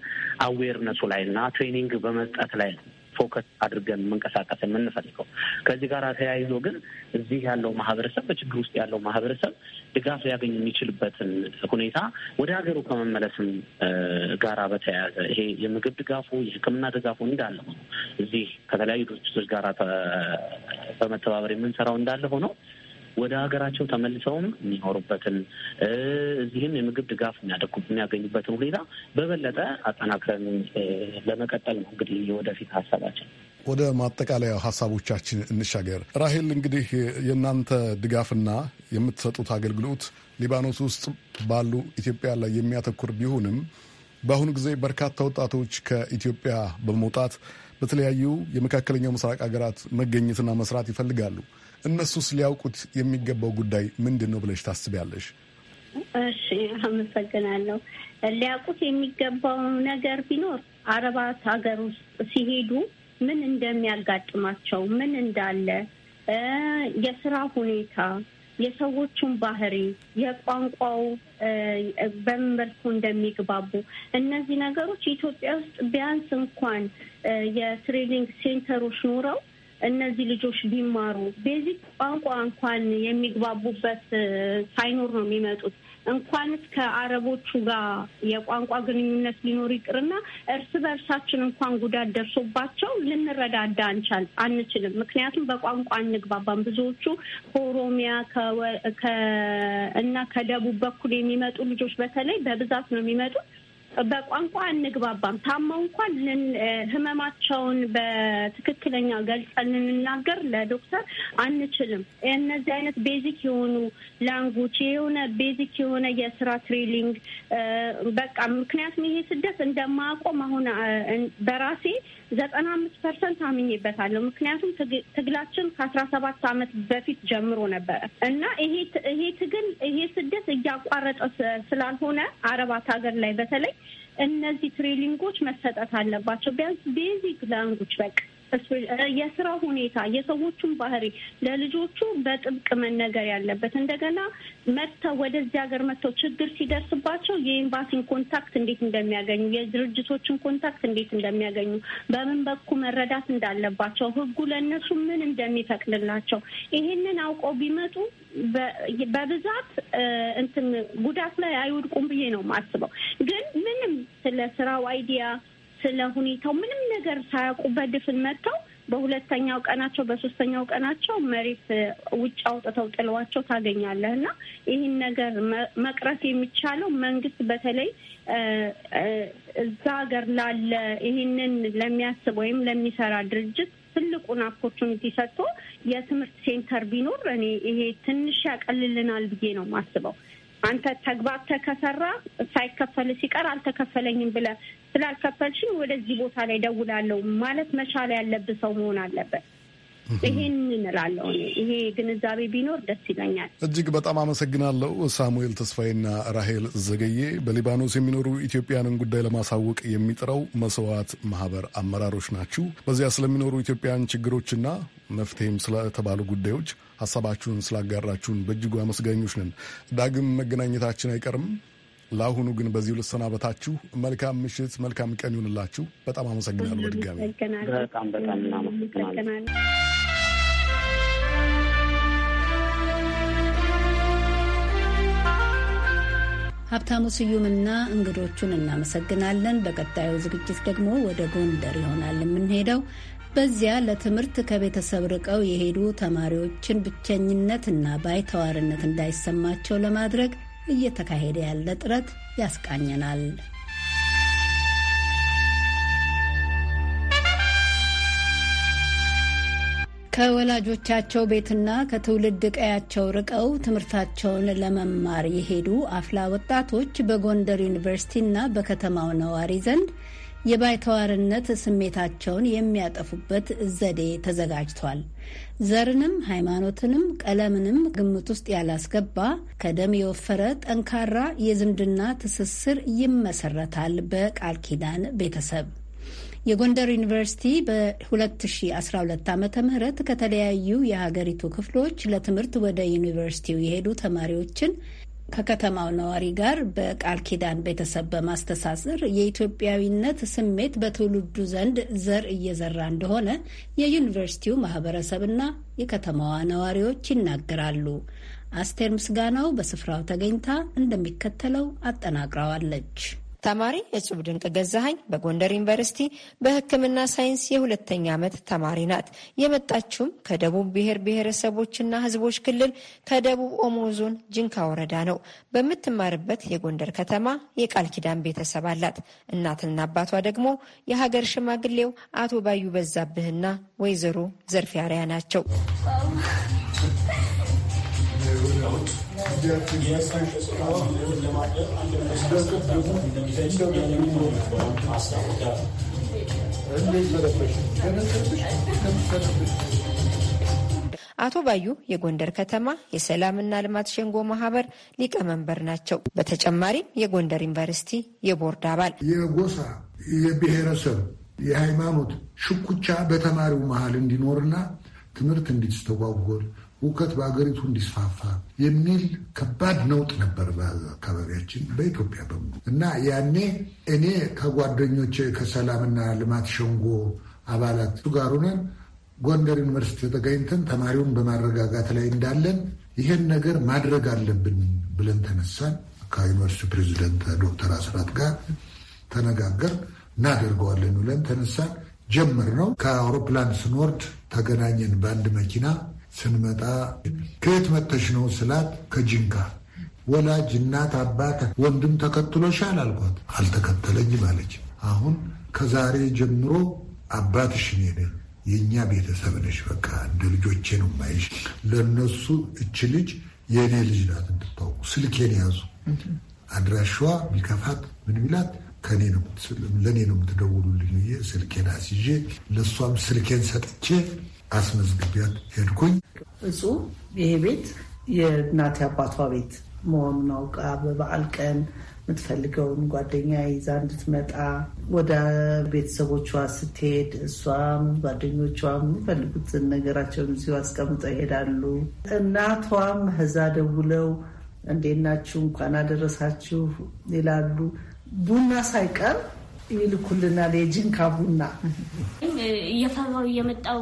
አዌርነሱ ላይ እና ትሬኒንግ በመስጠት ላይ ነው ፎከስ አድርገን መንቀሳቀስ የምንፈልገው። ከዚህ ጋር ተያይዞ ግን እዚህ ያለው ማህበረሰብ በችግር ውስጥ ያለው ማህበረሰብ ድጋፍ ሊያገኝ የሚችልበትን ሁኔታ ወደ ሀገሩ ከመመለስም ጋራ በተያያዘ ይሄ የምግብ ድጋፉ የሕክምና ድጋፉ እንዳለ ሆኖ እዚህ ከተለያዩ ድርጅቶች ጋር በመተባበር የምንሰራው እንዳለ ሆኖ ወደ ሀገራቸው ተመልሰውም የሚኖሩበትን እዚህም የምግብ ድጋፍ የሚያገኙበትን ሁኔታ በበለጠ አጠናክረን ለመቀጠል ነው እንግዲህ ወደፊት ሀሳባችን። ወደ ማጠቃለያ ሀሳቦቻችን እንሻገር። ራሄል፣ እንግዲህ የእናንተ ድጋፍና የምትሰጡት አገልግሎት ሊባኖስ ውስጥ ባሉ ኢትዮጵያ ላይ የሚያተኩር ቢሆንም በአሁኑ ጊዜ በርካታ ወጣቶች ከኢትዮጵያ በመውጣት በተለያዩ የመካከለኛው ምስራቅ ሀገራት መገኘትና መስራት ይፈልጋሉ። እነሱስ ሊያውቁት የሚገባው ጉዳይ ምንድን ነው ብለሽ ታስቢያለሽ? እሺ፣ አመሰግናለሁ። ሊያውቁት የሚገባው ነገር ቢኖር አረባት ሀገር ውስጥ ሲሄዱ ምን እንደሚያጋጥማቸው ምን እንዳለ የስራ ሁኔታ፣ የሰዎቹን ባህሪ፣ የቋንቋው በምን መልኩ እንደሚግባቡ እነዚህ ነገሮች ኢትዮጵያ ውስጥ ቢያንስ እንኳን የትሬኒንግ ሴንተሮች ኖረው እነዚህ ልጆች ቢማሩ ቤዚክ ቋንቋ እንኳን የሚግባቡበት ሳይኖር ነው የሚመጡት። እንኳንስ ከአረቦቹ ጋር የቋንቋ ግንኙነት ሊኖር ይቅርና እርስ በእርሳችን እንኳን ጉዳት ደርሶባቸው ልንረዳዳ አንቻል አንችልም። ምክንያቱም በቋንቋ አንግባባም። ብዙዎቹ ከኦሮሚያ እና ከደቡብ በኩል የሚመጡ ልጆች በተለይ በብዛት ነው የሚመጡት በቋንቋ አንግባባም። ታመው እንኳን ህመማቸውን በትክክለኛ ገልጸን ልንናገር ለዶክተር አንችልም። እነዚህ አይነት ቤዚክ የሆኑ ላንጉች የሆነ ቤዚክ የሆነ የስራ ትሬሊንግ በቃ ምክንያቱም ይሄ ስደት እንደማያቆም አሁን በራሴ ዘጠና አምስት ፐርሰንት አምኜበታለሁ። ምክንያቱም ትግላችን ከአስራ ሰባት አመት በፊት ጀምሮ ነበረ እና ይሄ ይሄ ትግል ይሄ ስደት እያቋረጠ ስላልሆነ አረባት ሀገር ላይ በተለይ እነዚህ ትሬሊንጎች መሰጠት አለባቸው። ቢያንስ ቤዚክ ላንጉች በቃ የስራ ሁኔታ፣ የሰዎቹን ባህሪ ለልጆቹ በጥብቅ መነገር ያለበት እንደገና መጥተው ወደዚህ ሀገር መጥተው ችግር ሲደርስባቸው የኤምባሲን ኮንታክት እንዴት እንደሚያገኙ፣ የድርጅቶችን ኮንታክት እንዴት እንደሚያገኙ፣ በምን በኩል መረዳት እንዳለባቸው፣ ህጉ ለእነሱ ምን እንደሚፈቅድላቸው ይሄንን አውቀው ቢመጡ በብዛት እንትን ጉዳት ላይ አይወድቁም ብዬ ነው የማስበው። ግን ምንም ስለ ስራው አይዲያ ስለ ሁኔታው ምንም ነገር ሳያውቁ በድፍን መጥተው በሁለተኛው ቀናቸው በሶስተኛው ቀናቸው መሬት ውጭ አውጥተው ጥለዋቸው ታገኛለህ እና ይህን ነገር መቅረፍ የሚቻለው መንግስት በተለይ እዛ ሀገር ላለ ይህንን ለሚያስብ ወይም ለሚሰራ ድርጅት ትልቁን ኦፖርቹኒቲ ሰጥቶ የትምህርት ሴንተር ቢኖር እኔ ይሄ ትንሽ ያቀልልናል ብዬ ነው የማስበው። አንተ ተግባር ከሰራ ሳይከፈል ሲቀር አልተከፈለኝም ብለ ስላልከፈልሽኝ ወደዚህ ቦታ ላይ ደውላለሁ ማለት መቻል ያለብህ ሰው መሆን አለበት። ይሄን እንላለው። ይሄ ግንዛቤ ቢኖር ደስ ይለኛል። እጅግ በጣም አመሰግናለሁ። ሳሙኤል ተስፋዬና ራሄል ዘገዬ በሊባኖስ የሚኖሩ ኢትዮጵያንን ጉዳይ ለማሳወቅ የሚጥረው መስዋዕት ማህበር አመራሮች ናችሁ። በዚያ ስለሚኖሩ ኢትዮጵያን ችግሮችና መፍትሄም ስለተባሉ ጉዳዮች ሀሳባችሁን ስላጋራችሁን በእጅጉ አመስጋኞች ነን። ዳግም መገናኘታችን አይቀርም። ለአሁኑ ግን በዚሁ ልሰናበታችሁ። መልካም ምሽት፣ መልካም ቀን ይሁንላችሁ። በጣም አመሰግናለሁ። በድጋሚ በጣም በጣም እናመሰግናለን። ሀብታሙ ስዩምና እንግዶቹን እናመሰግናለን። በቀጣዩ ዝግጅት ደግሞ ወደ ጎንደር ይሆናል የምንሄደው። በዚያ ለትምህርት ከቤተሰብ ርቀው የሄዱ ተማሪዎችን ብቸኝነትና ባይተዋርነት እንዳይሰማቸው ለማድረግ እየተካሄደ ያለ ጥረት ያስቃኘናል። ከወላጆቻቸው ቤትና ከትውልድ ቀያቸው ርቀው ትምህርታቸውን ለመማር የሄዱ አፍላ ወጣቶች በጎንደር ዩኒቨርሲቲና በከተማው ነዋሪ ዘንድ የባይተዋርነት ስሜታቸውን የሚያጠፉበት ዘዴ ተዘጋጅቷል። ዘርንም ሃይማኖትንም ቀለምንም ግምት ውስጥ ያላስገባ ከደም የወፈረ ጠንካራ የዝምድና ትስስር ይመሰረታል በቃል ኪዳን ቤተሰብ። የጎንደር ዩኒቨርሲቲ በ2012 ዓ ም ከተለያዩ የሀገሪቱ ክፍሎች ለትምህርት ወደ ዩኒቨርሲቲው የሄዱ ተማሪዎችን ከከተማው ነዋሪ ጋር በቃል ኪዳን ቤተሰብ በማስተሳሰር የኢትዮጵያዊነት ስሜት በትውልዱ ዘንድ ዘር እየዘራ እንደሆነ የዩኒቨርሲቲው ማህበረሰብና የከተማዋ ነዋሪዎች ይናገራሉ። አስቴር ምስጋናው በስፍራው ተገኝታ እንደሚከተለው አጠናቅረዋለች። ተማሪ እጹብ ድንቅ ገዛሀኝ በጎንደር ዩኒቨርሲቲ በሕክምና ሳይንስ የሁለተኛ ዓመት ተማሪ ናት። የመጣችውም ከደቡብ ብሔር ብሔረሰቦችና ሕዝቦች ክልል ከደቡብ ኦሞ ዞን ጅንካ ወረዳ ነው። በምትማርበት የጎንደር ከተማ የቃል ኪዳን ቤተሰብ አላት። እናትና አባቷ ደግሞ የሀገር ሽማግሌው አቶ ባዩ በዛብህና ወይዘሮ ዘርፊያሪያ ናቸው። አቶ ባዩ የጎንደር ከተማ የሰላምና ልማት ሸንጎ ማህበር ሊቀመንበር ናቸው። በተጨማሪም የጎንደር ዩኒቨርሲቲ የቦርድ አባል። የጎሳ የብሔረሰብ፣ የሃይማኖት ሽኩቻ በተማሪው መሀል እንዲኖርና ትምህርት እንዲስተጓጎል ውከት በአገሪቱ እንዲስፋፋ የሚል ከባድ ነውጥ ነበር በአካባቢያችን በኢትዮጵያ በሙሉ እና ያኔ እኔ ከጓደኞቼ ከሰላምና ልማት ሸንጎ አባላት ጋር ሆነን ጎንደር ዩኒቨርሲቲ ተገኝተን ተማሪውን በማረጋጋት ላይ እንዳለን ይህን ነገር ማድረግ አለብን ብለን ተነሳን። ከዩኒቨርሲቲ ፕሬዚደንት ዶክተር አስራት ጋር ተነጋገር እናደርገዋለን ብለን ተነሳን። ጀምር ነው። ከአውሮፕላን ስንወርድ ተገናኘን በአንድ መኪና ስንመጣ ከየት መተሽ ነው ስላት ከጅንካ ወላጅ እናት አባት ወንድም ተከትሎሻል አልኳት። አልተከተለኝም አለች። አሁን ከዛሬ ጀምሮ አባትሽ እኔ ነኝ፣ የእኛ ቤተሰብ ነሽ፣ በቃ እንደ ልጆቼ ነው ማይሽ። ለእነሱ እች ልጅ የእኔ ልጅ ናት እንድታውቁ። ስልኬን ያዙ፣ አድራሻዋ ቢከፋት ምን ቢላት ለእኔ ነው የምትደውሉልኝ ብዬ ስልኬን አስይዤ ለእሷም ስልኬን ሰጥቼ አስመዝግቢያት ሄድኩኝ። እጹ ይሄ ቤት የእናቴ አባቷ ቤት መሆኑን አውቃ በበዓል ቀን የምትፈልገውን ጓደኛ ይዛ እንድትመጣ ወደ ቤተሰቦቿ ስትሄድ እሷም ጓደኞቿም የሚፈልጉትን ነገራቸውን እዚሁ አስቀምጠው ይሄዳሉ። እናቷም እዛ ደውለው እንዴት ናችሁ እንኳን አደረሳችሁ ይላሉ። ቡና ሳይቀር ይልኩልናል የጂንካ ቡና። እየፈራው እየመጣው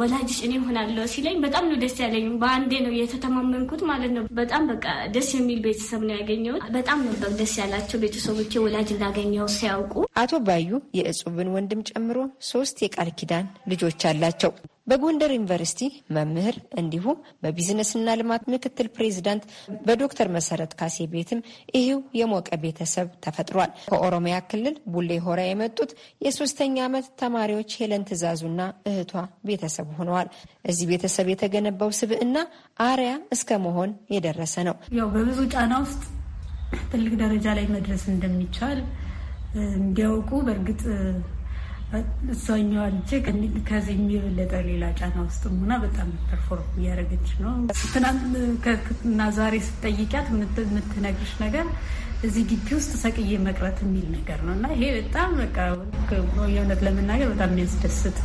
ወላጅሽ እኔ ሆናለሁ ሲለኝ በጣም ነው ደስ ያለኝ። በአንዴ ነው የተተማመንኩት ማለት ነው። በጣም በቃ ደስ የሚል ቤተሰብ ነው ያገኘሁት። በጣም ነበር ደስ ያላቸው ቤተሰቦቼ ወላጅ እንዳገኘው ሲያውቁ። አቶ ባዩ የእጹብን ወንድም ጨምሮ ሶስት የቃል ኪዳን ልጆች አላቸው። በጎንደር ዩኒቨርሲቲ መምህር እንዲሁም በቢዝነስና ልማት ምክትል ፕሬዚዳንት በዶክተር መሰረት ካሴ ቤትም ይህው የሞቀ ቤተሰብ ተፈጥሯል። ከኦሮሚያ ክልል ቡሌ ሆራ የመጡት የሶስተኛ ዓመት ተማሪዎች ሄለን ትዕዛዙና እህቷ ቤተሰብ ሆነዋል። እዚህ ቤተሰብ የተገነባው ስብዕና አርያ እስከ መሆን የደረሰ ነው። ያው በብዙ ጫና ውስጥ ትልቅ ደረጃ ላይ መድረስ እንደሚቻል እንዲያውቁ በእርግጥ ከዚህ የሚበለጠ ሌላ ጫና ውስጥ ሆና በጣም ፐርፎርም እያደረገች ነው። ትናንትና ዛሬ ስጠይቂያት የምትነግርሽ ነገር እዚህ ግቢ ውስጥ ሰቅዬ መቅረት የሚል ነገር ነው እና ይሄ በጣም በቃ የእውነት ለመናገር በጣም የሚያስደስት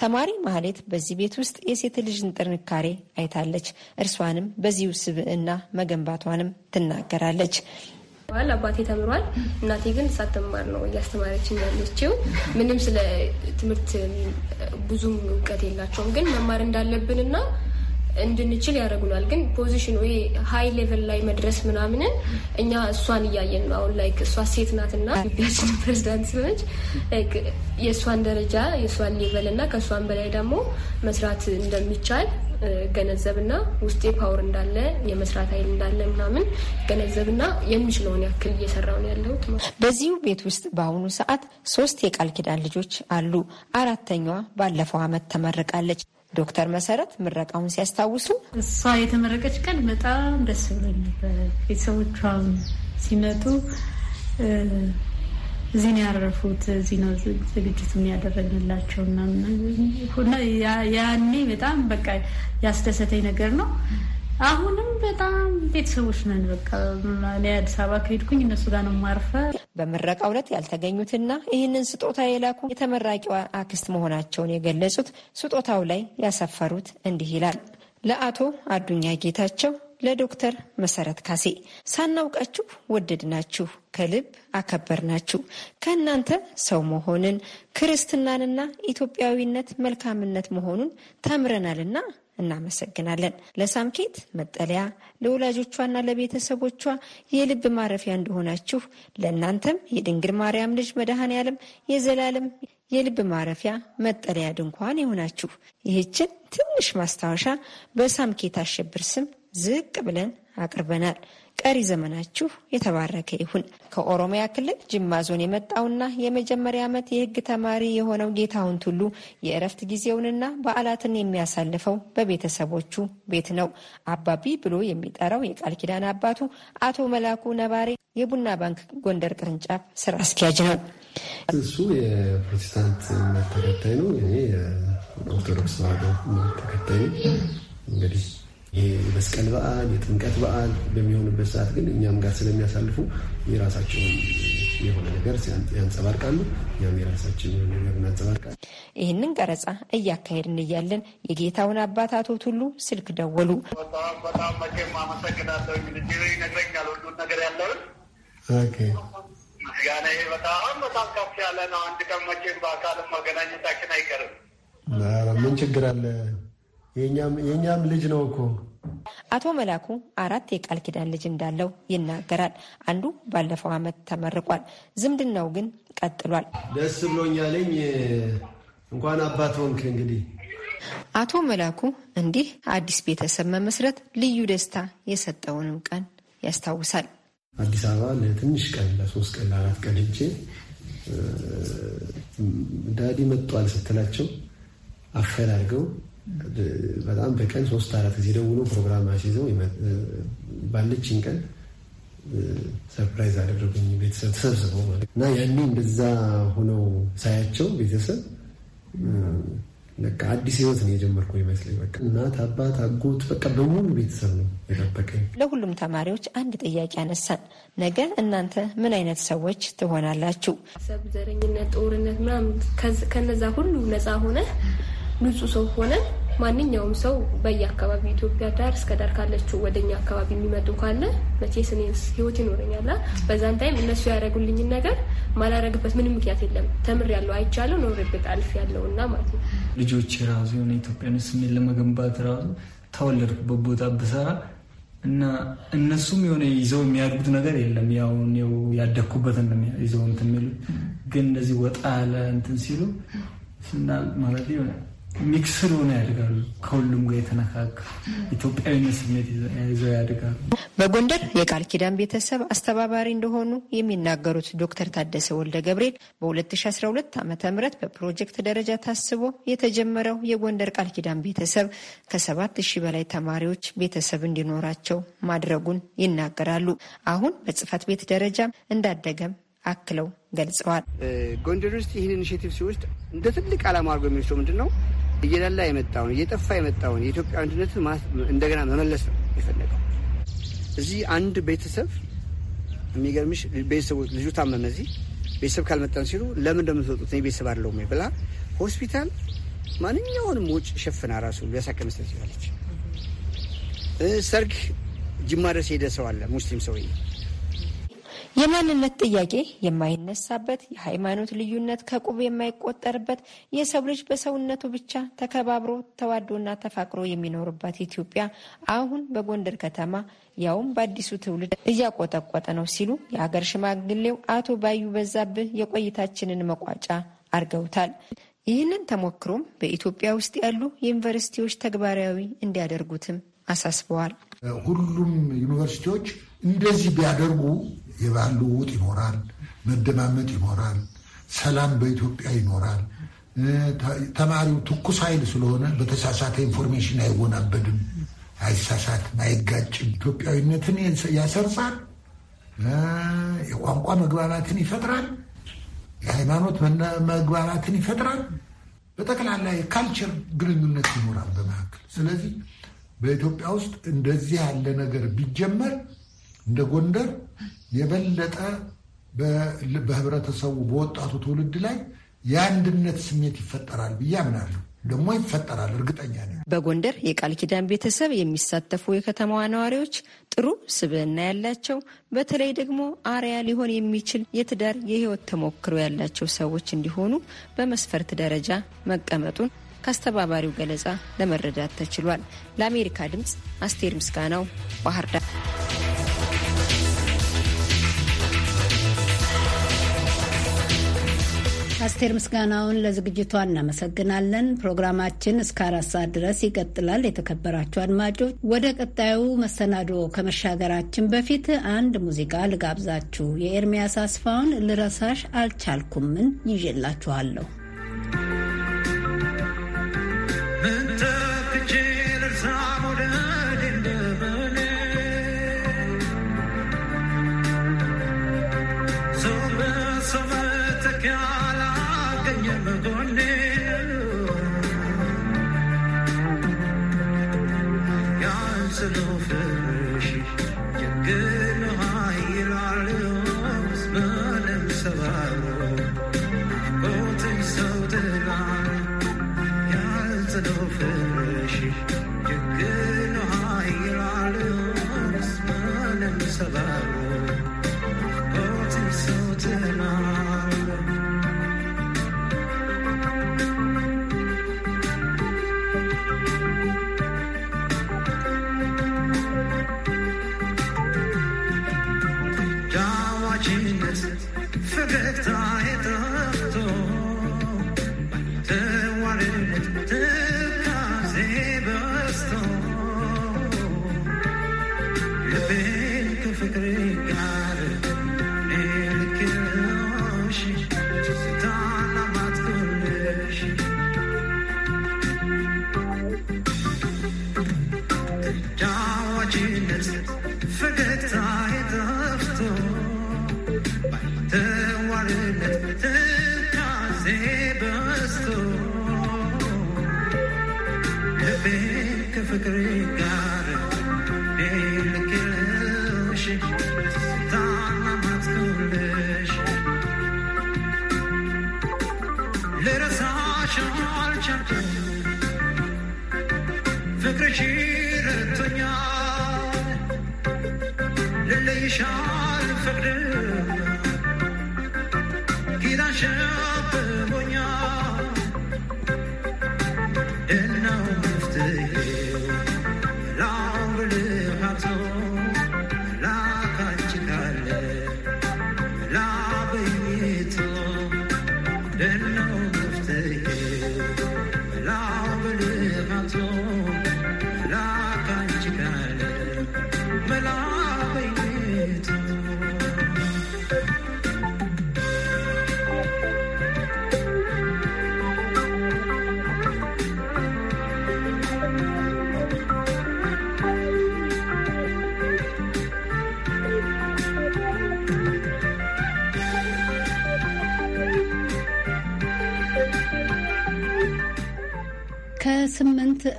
ተማሪ ማህሌት በዚህ ቤት ውስጥ የሴት ልጅን ጥንካሬ አይታለች። እርሷንም በዚሁ ስብዕና መገንባቷንም ትናገራለች። ባል አባቴ ተምሯል። እናቴ ግን ሳትማር ነው እያስተማረችን ያለችው። ምንም ስለ ትምህርት ብዙም እውቀት የላቸውም። ግን መማር እንዳለብንና እንድንችል ያደርጉናል። ግን ፖዚሽን ወይ ሀይ ሌቨል ላይ መድረስ ምናምንን እኛ እሷን እያየን ነው። አሁን ላይ እሷ ሴት ናትና ኢትዮጵያችን ፕሬዚዳንት ስለሆነች የእሷን ደረጃ የእሷን ሌቨል እና ከእሷን በላይ ደግሞ መስራት እንደሚቻል ገነዘብና ውስጤ ፓወር እንዳለ የመስራት ኃይል እንዳለ ምናምን ገነዘብና የሚችለውን ያክል እየሰራው ነው ያለሁት። በዚሁ ቤት ውስጥ በአሁኑ ሰዓት ሶስት የቃል ኪዳን ልጆች አሉ። አራተኛዋ ባለፈው ዓመት ተመርቃለች። ዶክተር መሰረት ምረቃውን ሲያስታውሱ እሷ የተመረቀች ቀን በጣም ደስ ብሎኝ ነበር። ቤተሰቦቿም ሲመጡ እዚህ ነው ያረፉት፣ እዚህ ነው ዝግጅት ያደረግንላቸው እና ያኔ በጣም በቃ ያስደሰተኝ ነገር ነው። አሁንም በጣም ቤተሰቦች ነን። በቃ እኔ አዲስ አበባ ከሄድኩኝ እነሱ ጋር ነው ማርፈ። በምረቃ ዕለት ያልተገኙትና ይህንን ስጦታ የላኩ የተመራቂዋ አክስት መሆናቸውን የገለጹት ስጦታው ላይ ያሰፈሩት እንዲህ ይላል። ለአቶ አዱኛ ጌታቸው፣ ለዶክተር መሰረት ካሴ ሳናውቃችሁ ወደድናችሁ ከልብ አከበርናችሁ። ከእናንተ ሰው መሆንን ክርስትናንና ኢትዮጵያዊነት መልካምነት መሆኑን ተምረናልና እናመሰግናለን። ለሳምኬት መጠለያ ለወላጆቿና ለቤተሰቦቿ የልብ ማረፊያ እንደሆናችሁ ለእናንተም የድንግል ማርያም ልጅ መድኃኔ ዓለም የዘላለም የልብ ማረፊያ መጠለያ ድንኳን የሆናችሁ ይህችን ትንሽ ማስታወሻ በሳምኬት አሸብር ስም ዝቅ ብለን አቅርበናል። ቀሪ ዘመናችሁ የተባረከ ይሁን። ከኦሮሚያ ክልል ጅማ ዞን የመጣውና የመጀመሪያ ዓመት የሕግ ተማሪ የሆነው ጌታሁን ቱሉ የእረፍት ጊዜውንና በዓላትን የሚያሳልፈው በቤተሰቦቹ ቤት ነው። አባቢ ብሎ የሚጠራው የቃል ኪዳን አባቱ አቶ መላኩ ነባሬ የቡና ባንክ ጎንደር ቅርንጫፍ ስራ አስኪያጅ ነው። እሱ የፕሮቴስታንት ተከታይ ነው። እኔ የኦርቶዶክስ ተከታይ ነው። እንግዲህ የመስቀል በዓል፣ የጥምቀት በዓል በሚሆንበት ሰዓት ግን እኛም ጋር ስለሚያሳልፉ የራሳቸውን የሆነ ነገር ያንጸባርቃሉ። ያም የራሳችን የሆነ ነገር እናንጸባርቃል። ይህንን ቀረጻ እያካሄድን እያለን የጌታውን አባት አቶ ቱሉ ስልክ ደወሉ። በጣም በጣም መቼም አመሰግናለሁ። ይነግረኛል ሁሉን ነገር ያለውን ምስጋና በጣም በጣም ከፍ ያለ ነው። አንድ ቀን መቼም በአካልም መገናኘታችን አይቀርም። ምን ችግር አለ? የእኛም ልጅ ነው እኮ። አቶ መላኩ አራት የቃል ኪዳን ልጅ እንዳለው ይናገራል። አንዱ ባለፈው ዓመት ተመርቋል። ዝምድናው ግን ቀጥሏል። ደስ ብሎኛለኝ። እንኳን አባት ሆንክ። እንግዲህ አቶ መላኩ እንዲህ አዲስ ቤተሰብ መመስረት ልዩ ደስታ የሰጠውንም ቀን ያስታውሳል። አዲስ አበባ ለትንሽ ቀን ለሶስት ቀን ለአራት ቀን እጄ ዳዲ መጥጧል ስትላቸው አፈላልገው በጣም በቀን ሶስት አራት ጊዜ ደውሎ ፕሮግራም አስይዘው ባለችኝ ቀን ሰርፕራይዝ አደረጉኝ። ቤተሰብ ተሰብስበው ማለት እና ያኔ እንደዛ ሆነው ሳያቸው ቤተሰብ በቃ አዲስ ህይወት ነው የጀመርኩ ይመስለኝ። በቃ እናት፣ አባት፣ አጎት በቃ በሙሉ ቤተሰብ ነው የጠበቀኝ። ለሁሉም ተማሪዎች አንድ ጥያቄ አነሳን። ነገ እናንተ ምን አይነት ሰዎች ትሆናላችሁ? ሰብ፣ ዘረኝነት፣ ጦርነት ምናምን ከነዛ ሁሉ ነፃ ሆነ ንጹህ ሰው ሆነን ማንኛውም ሰው በየአካባቢ ኢትዮጵያ ዳር እስከ ዳር ካለችው ወደኛ አካባቢ የሚመጡ ካለ መቼስ እኔ ህይወት ይኖረኛላ። በዛን ታይም እነሱ ያደረጉልኝን ነገር ማላረግበት ምንም ምክንያት የለም። ተምሬያለሁ፣ አይቻለሁ፣ አልፍ ያለው እና ማለት ነው ልጆች የራሱ የሆነ ኢትዮጵያን ስሜት ለመገንባት ራሱ ተወለድኩበት ቦታ ብሰራ እና እነሱም የሆነ ይዘው የሚያድጉት ነገር የለም። ያው ያደግኩበትን ይዘው እንትን የሚሉ ግን እንደዚህ ወጣ ያለ እንትን ሲሉ ስናል ማለት ሚክስር ሆነ ያድጋሉ። ከሁሉም ጋር የተነካካ ኢትዮጵያዊነት ስሜት ይዘው ያድጋሉ። በጎንደር የቃል ኪዳን ቤተሰብ አስተባባሪ እንደሆኑ የሚናገሩት ዶክተር ታደሰ ወልደ ገብርኤል በ2012 ዓ ም በፕሮጀክት ደረጃ ታስቦ የተጀመረው የጎንደር ቃል ኪዳን ቤተሰብ ከሰባት ሺህ በላይ ተማሪዎች ቤተሰብ እንዲኖራቸው ማድረጉን ይናገራሉ። አሁን በጽህፈት ቤት ደረጃም እንዳደገም አክለው ገልጸዋል። ጎንደር ውስጥ ይህን ኢኒሽቲቭ ሲወስድ እንደ ትልቅ ዓላማ አድርጎ የሚወስደው ምንድን ነው? እየዳላ የመጣውን እየጠፋ የመጣውን የኢትዮጵያ አንድነት እንደገና መመለስ ነው የፈለገው። እዚህ አንድ ቤተሰብ የሚገርምሽ ቤተሰቦች ልጁ ታመመ፣ እዚህ ቤተሰብ ካልመጣን ሲሉ ለምን እንደምትወጡት እኔ ቤተሰብ አለው ብላ ሆስፒታል ማንኛውንም ወጪ ሸፍና ራሱ ሊያሳቀ መስለት ይላለች። ሰርግ ጅማ ድረስ ሄደ ሰው አለ ሙስሊም ሰውዬ የማንነት ጥያቄ የማይነሳበት የሃይማኖት ልዩነት ከቁብ የማይቆጠርበት የሰው ልጅ በሰውነቱ ብቻ ተከባብሮ ተዋዶና ተፋቅሮ የሚኖርባት ኢትዮጵያ አሁን በጎንደር ከተማ ያውም በአዲሱ ትውልድ እያቆጠቆጠ ነው ሲሉ የሀገር ሽማግሌው አቶ ባዩ በዛብህ የቆይታችንን መቋጫ አርገውታል። ይህንን ተሞክሮም በኢትዮጵያ ውስጥ ያሉ ዩኒቨርሲቲዎች ተግባራዊ እንዲያደርጉትም አሳስበዋል። ሁሉም ዩኒቨርሲቲዎች እንደዚህ ቢያደርጉ የባህል ልውውጥ ይኖራል፣ መደማመጥ ይኖራል፣ ሰላም በኢትዮጵያ ይኖራል። ተማሪው ትኩስ ኃይል ስለሆነ በተሳሳተ ኢንፎርሜሽን አይወናበድም፣ አይሳሳትም፣ አይጋጭም። ኢትዮጵያዊነትን ያሰርጻል፣ የቋንቋ መግባባትን ይፈጥራል፣ የሃይማኖት መግባባትን ይፈጥራል። በጠቅላላ የካልቸር ግንኙነት ይኖራል በመካከል። ስለዚህ በኢትዮጵያ ውስጥ እንደዚህ ያለ ነገር ቢጀመር እንደ ጎንደር የበለጠ በህብረተሰቡ በወጣቱ ትውልድ ላይ የአንድነት ስሜት ይፈጠራል ብዬ አምናለሁ። ደግሞ ይፈጠራል፣ እርግጠኛ ነኝ። በጎንደር የቃል ኪዳን ቤተሰብ የሚሳተፉ የከተማዋ ነዋሪዎች ጥሩ ስብዕና ያላቸው በተለይ ደግሞ አርያ ሊሆን የሚችል የትዳር የህይወት ተሞክሮ ያላቸው ሰዎች እንዲሆኑ በመስፈርት ደረጃ መቀመጡን ከአስተባባሪው ገለጻ ለመረዳት ተችሏል። ለአሜሪካ ድምፅ አስቴር ምስጋናው ባህር ዳር። አስቴር ምስጋናውን ለዝግጅቷ እናመሰግናለን። ፕሮግራማችን እስከ አራት ሰዓት ድረስ ይቀጥላል። የተከበራችሁ አድማጮች፣ ወደ ቀጣዩ መሰናዶ ከመሻገራችን በፊት አንድ ሙዚቃ ልጋብዛችሁ። የኤርሚያስ አስፋውን ልረሳሽ አልቻልኩምን ይዤላችኋለሁ። You're good.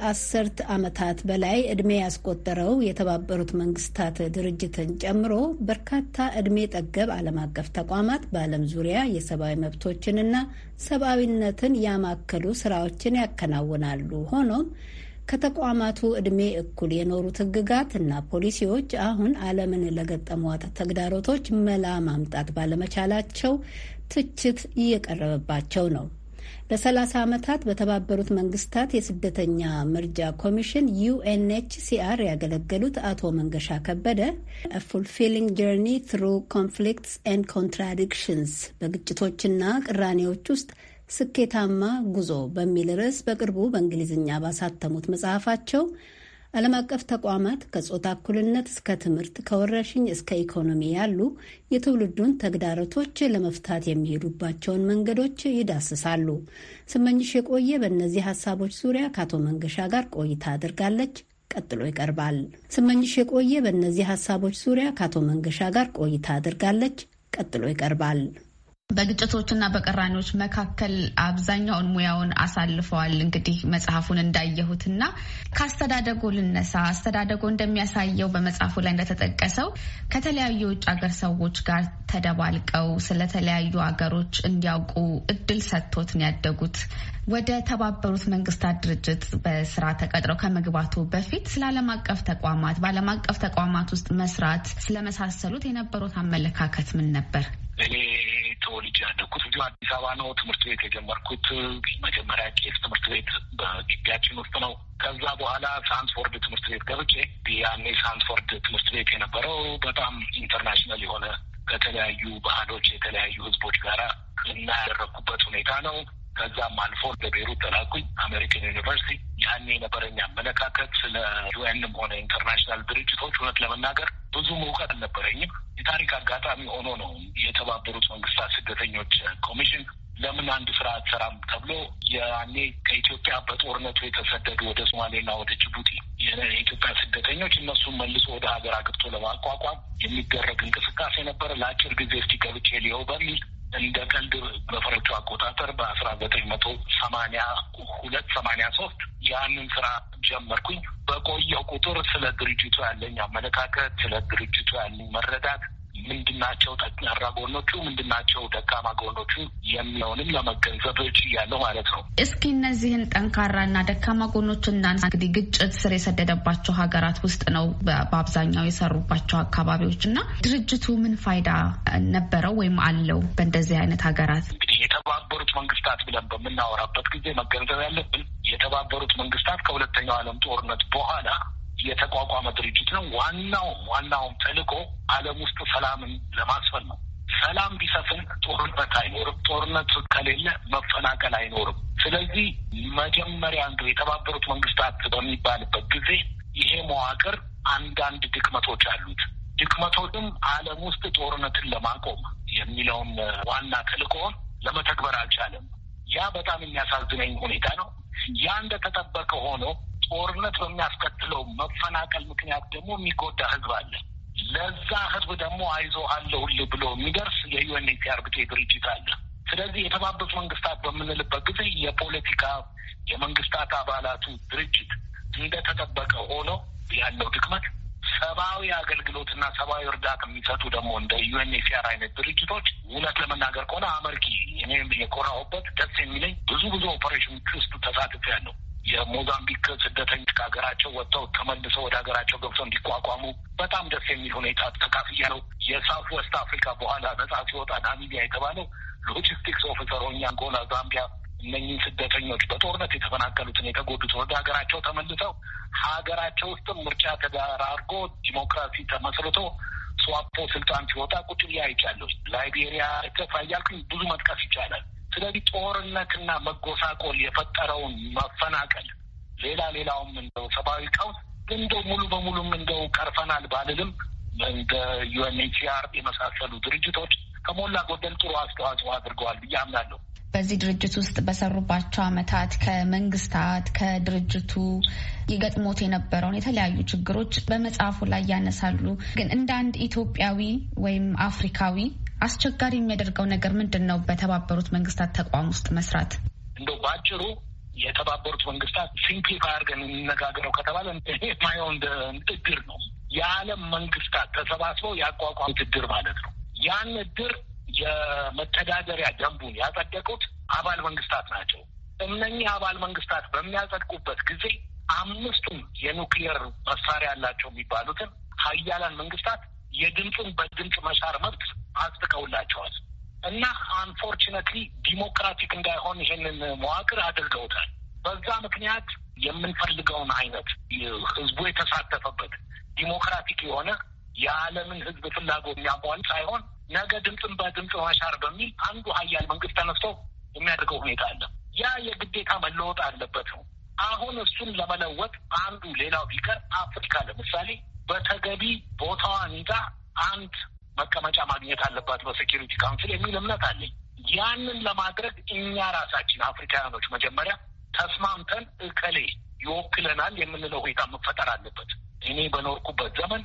ከአስርት ዓመታት በላይ ዕድሜ ያስቆጠረው የተባበሩት መንግስታት ድርጅትን ጨምሮ በርካታ ዕድሜ ጠገብ ዓለም አቀፍ ተቋማት በዓለም ዙሪያ የሰብአዊ መብቶችንና ሰብአዊነትን ያማከሉ ስራዎችን ያከናውናሉ። ሆኖም ከተቋማቱ ዕድሜ እኩል የኖሩት ህግጋት እና ፖሊሲዎች አሁን ዓለምን ለገጠሟት ተግዳሮቶች መላ ማምጣት ባለመቻላቸው ትችት እየቀረበባቸው ነው። ለ30 ዓመታት በተባበሩት መንግስታት የስደተኛ ምርጃ ኮሚሽን ዩኤንኤችሲአር ያገለገሉት አቶ መንገሻ ከበደ ፉልፊሊንግ ጀርኒ ትሩ ኮንፍሊክትስ ኤንድ ኮንትራዲክሽንስ በግጭቶችና ቅራኔዎች ውስጥ ስኬታማ ጉዞ በሚል ርዕስ በቅርቡ በእንግሊዝኛ ባሳተሙት መጽሐፋቸው ዓለም አቀፍ ተቋማት ከጾታ እኩልነት እስከ ትምህርት፣ ከወረርሽኝ እስከ ኢኮኖሚ ያሉ የትውልዱን ተግዳሮቶች ለመፍታት የሚሄዱባቸውን መንገዶች ይዳስሳሉ። ስመኝሽ የቆየ በእነዚህ ሀሳቦች ዙሪያ ከአቶ መንገሻ ጋር ቆይታ አድርጋለች። ቀጥሎ ይቀርባል። ስመኝሽ የቆየ በእነዚህ ሀሳቦች ዙሪያ ከአቶ መንገሻ ጋር ቆይታ አድርጋለች። ቀጥሎ ይቀርባል። በግጭቶችና በቀራኔዎች መካከል አብዛኛውን ሙያውን አሳልፈዋል። እንግዲህ መጽሐፉን እንዳየሁትና ከአስተዳደጎ ልነሳ። አስተዳደጎ እንደሚያሳየው በመጽሐፉ ላይ እንደተጠቀሰው ከተለያዩ የውጭ ሀገር ሰዎች ጋር ተደባልቀው ስለተለያዩ ሀገሮች እንዲያውቁ እድል ሰጥቶት ነው ያደጉት። ወደ ተባበሩት መንግስታት ድርጅት በስራ ተቀጥረው ከመግባቱ በፊት ስለ ዓለም አቀፍ ተቋማት በዓለም አቀፍ ተቋማት ውስጥ መስራት ስለመሳሰሉት የነበሩት አመለካከት ምን ነበር? ተወልጄ ያደግኩት እዚሁ አዲስ አበባ ነው። ትምህርት ቤት የጀመርኩት መጀመሪያ ቄስ ትምህርት ቤት በግቢያችን ውስጥ ነው። ከዛ በኋላ ሳንስፎርድ ትምህርት ቤት ገብቼ ያኔ ሳንስፎርድ ትምህርት ቤት የነበረው በጣም ኢንተርናሽናል የሆነ ከተለያዩ ባህሎች የተለያዩ ህዝቦች ጋራ እናያደረግኩበት ሁኔታ ነው። ከዛም አልፎ ለቤሩት ተላኩኝ አሜሪካን ዩኒቨርሲቲ። ያኔ የነበረኝ አመለካከት ስለ ዩኤንም ሆነ ኢንተርናሽናል ድርጅቶች እውነት ለመናገር ብዙም እውቀት አልነበረኝም። የታሪክ አጋጣሚ ሆኖ ነው የተባበሩት መንግስታት ስደተኞች ኮሚሽን ለምን አንድ ስራ አትሰራም ተብሎ ያኔ ከኢትዮጵያ በጦርነቱ የተሰደዱ ወደ ሶማሌና ወደ ጅቡቲ የኢትዮጵያ ስደተኞች እነሱን መልሶ ወደ ሀገር አግብቶ ለማቋቋም የሚደረግ እንቅስቃሴ ነበረ። ለአጭር ጊዜ እስቲ ገብቼ ሊሆ በሚል እንደ ቀልድ በፈረንጆቹ አቆጣጠር በአስራ ዘጠኝ መቶ ሰማኒያ ሁለት ሰማኒያ ሶስት ያንን ስራ ጀመርኩኝ። በቆየው ቁጥር ስለ ድርጅቱ ያለኝ አመለካከት፣ ስለ ድርጅቱ ያለኝ መረዳት ምንድናቸው ጠንካራ ጎኖቹ፣ ምንድናቸው ደካማ ጎኖቹ የሚለውንም ለመገንዘብ ችያለሁ ማለት ነው። እስኪ እነዚህን ጠንካራና ደካማ ጎኖቹ እናንሳ። እንግዲህ ግጭት ስር የሰደደባቸው ሀገራት ውስጥ ነው በአብዛኛው የሰሩባቸው አካባቢዎች እና ድርጅቱ ምን ፋይዳ ነበረው ወይም አለው በእንደዚህ አይነት ሀገራት? እንግዲህ የተባበሩት መንግስታት ብለን በምናወራበት ጊዜ መገንዘብ ያለብን የተባበሩት መንግስታት ከሁለተኛው ዓለም ጦርነት በኋላ የተቋቋመ ድርጅት ነው። ዋናውም ዋናውም ተልዕኮ ዓለም ውስጥ ሰላምን ለማስፈን ነው። ሰላም ቢሰፍን ጦርነት አይኖርም። ጦርነት ከሌለ መፈናቀል አይኖርም። ስለዚህ መጀመሪያ እንግዲህ የተባበሩት መንግስታት በሚባልበት ጊዜ ይሄ መዋቅር አንዳንድ ድክመቶች አሉት። ድክመቶችም ዓለም ውስጥ ጦርነትን ለማቆም የሚለውን ዋና ተልዕኮውን ለመተግበር አልቻለም። ያ በጣም የሚያሳዝነኝ ሁኔታ ነው። ያ እንደተጠበቀ ሆኖ ጦርነት በሚያስከትለው መፈናቀል ምክንያት ደግሞ የሚጎዳ ህዝብ አለ። ለዛ ህዝብ ደግሞ አይዞ አለሁልህ ብሎ የሚደርስ የዩኤንኤችሲአር ብቴ ድርጅት አለ። ስለዚህ የተባበሩት መንግስታት በምንልበት ጊዜ የፖለቲካ የመንግስታት አባላቱ ድርጅት እንደተጠበቀ ሆኖ ያለው ድክመት ሰብአዊ አገልግሎትና ሰብአዊ እርዳታ የሚሰጡ ደግሞ እንደ ዩኤንኤችሲአር አይነት ድርጅቶች እውነት ለመናገር ከሆነ አመርቂ እኔም የኮራሁበት ደስ የሚለኝ ብዙ ብዙ ኦፐሬሽኖች ውስጥ ያለው የሞዛምቢክ ስደተኞች ከሀገራቸው ወጥተው ተመልሰው ወደ ሀገራቸው ገብተው እንዲቋቋሙ በጣም ደስ የሚል ሁኔታ ተካፍያ ነው። የሳውት ወስት አፍሪካ በኋላ ነጻ ሲወጣ ናሚቢያ የተባለው ሎጂስቲክስ ኦፊሰር ሆኜ አንጎላ፣ ዛምቢያ እነኝህን ስደተኞች በጦርነት የተፈናቀሉትን የተጎዱት ወደ ሀገራቸው ተመልሰው ሀገራቸው ውስጥም ምርጫ ተደራርጎ ዲሞክራሲ ተመስርቶ ስዋፖ ስልጣን ሲወጣ ቁጭ ብዬ አይቻለሁ። ላይቤሪያ፣ ኤርትራ እያልኩኝ ብዙ መጥቀስ ይቻላል። ስለዚህ ጦርነትና መጎሳቆል የፈጠረውን መፈናቀል፣ ሌላ ሌላውም እንደው ሰብአዊ ቀውስ እንደው ሙሉ በሙሉም እንደው ቀርፈናል ባልልም እንደ ዩኤንኤችሲአር የመሳሰሉ ድርጅቶች ከሞላ ጎደል ጥሩ አስተዋጽኦ አድርገዋል ብዬ አምናለሁ። በዚህ ድርጅት ውስጥ በሰሩባቸው አመታት ከመንግስታት ከድርጅቱ ይገጥሞት የነበረውን የተለያዩ ችግሮች በመጽሐፉ ላይ ያነሳሉ። ግን እንደ አንድ ኢትዮጵያዊ ወይም አፍሪካዊ አስቸጋሪ የሚያደርገው ነገር ምንድን ነው? በተባበሩት መንግስታት ተቋም ውስጥ መስራት እንደው ባጭሩ የተባበሩት መንግስታት ሲምፕሊፋይ አድርገን የሚነጋገረው ከተባለ ማየውን እድር ነው። የዓለም መንግስታት ተሰባስበው ያቋቋሙት እድር ማለት ነው። ያን እድር የመተዳደሪያ ደንቡን ያጸደቁት አባል መንግስታት ናቸው። እነኚህ አባል መንግስታት በሚያጸድቁበት ጊዜ አምስቱም የኑክሊየር መሳሪያ ያላቸው የሚባሉትን ሀያላን መንግስታት የድምፁን በድምፅ መሻር መብት አጽድቀውላቸዋል እና አንፎርችነትሊ ዲሞክራቲክ እንዳይሆን ይህንን መዋቅር አድርገውታል። በዛ ምክንያት የምንፈልገውን አይነት ህዝቡ የተሳተፈበት ዲሞክራቲክ የሆነ የዓለምን ህዝብ ፍላጎት የሚያሟል ሳይሆን ነገ ድምፅን በድምፅ መሻር በሚል አንዱ ሀያል መንግስት ተነስቶ የሚያደርገው ሁኔታ አለ። ያ የግዴታ መለወጥ አለበት ነው። አሁን እሱን ለመለወጥ አንዱ ሌላው ቢቀር አፍሪካ ለምሳሌ በተገቢ ቦታዋን ይዛ አንድ መቀመጫ ማግኘት አለባት በሴኪሪቲ ካውንስል የሚል እምነት አለኝ። ያንን ለማድረግ እኛ ራሳችን አፍሪካውያኖች መጀመሪያ ተስማምተን እከሌ ይወክለናል የምንለው ሁኔታ መፈጠር አለበት። እኔ በኖርኩበት ዘመን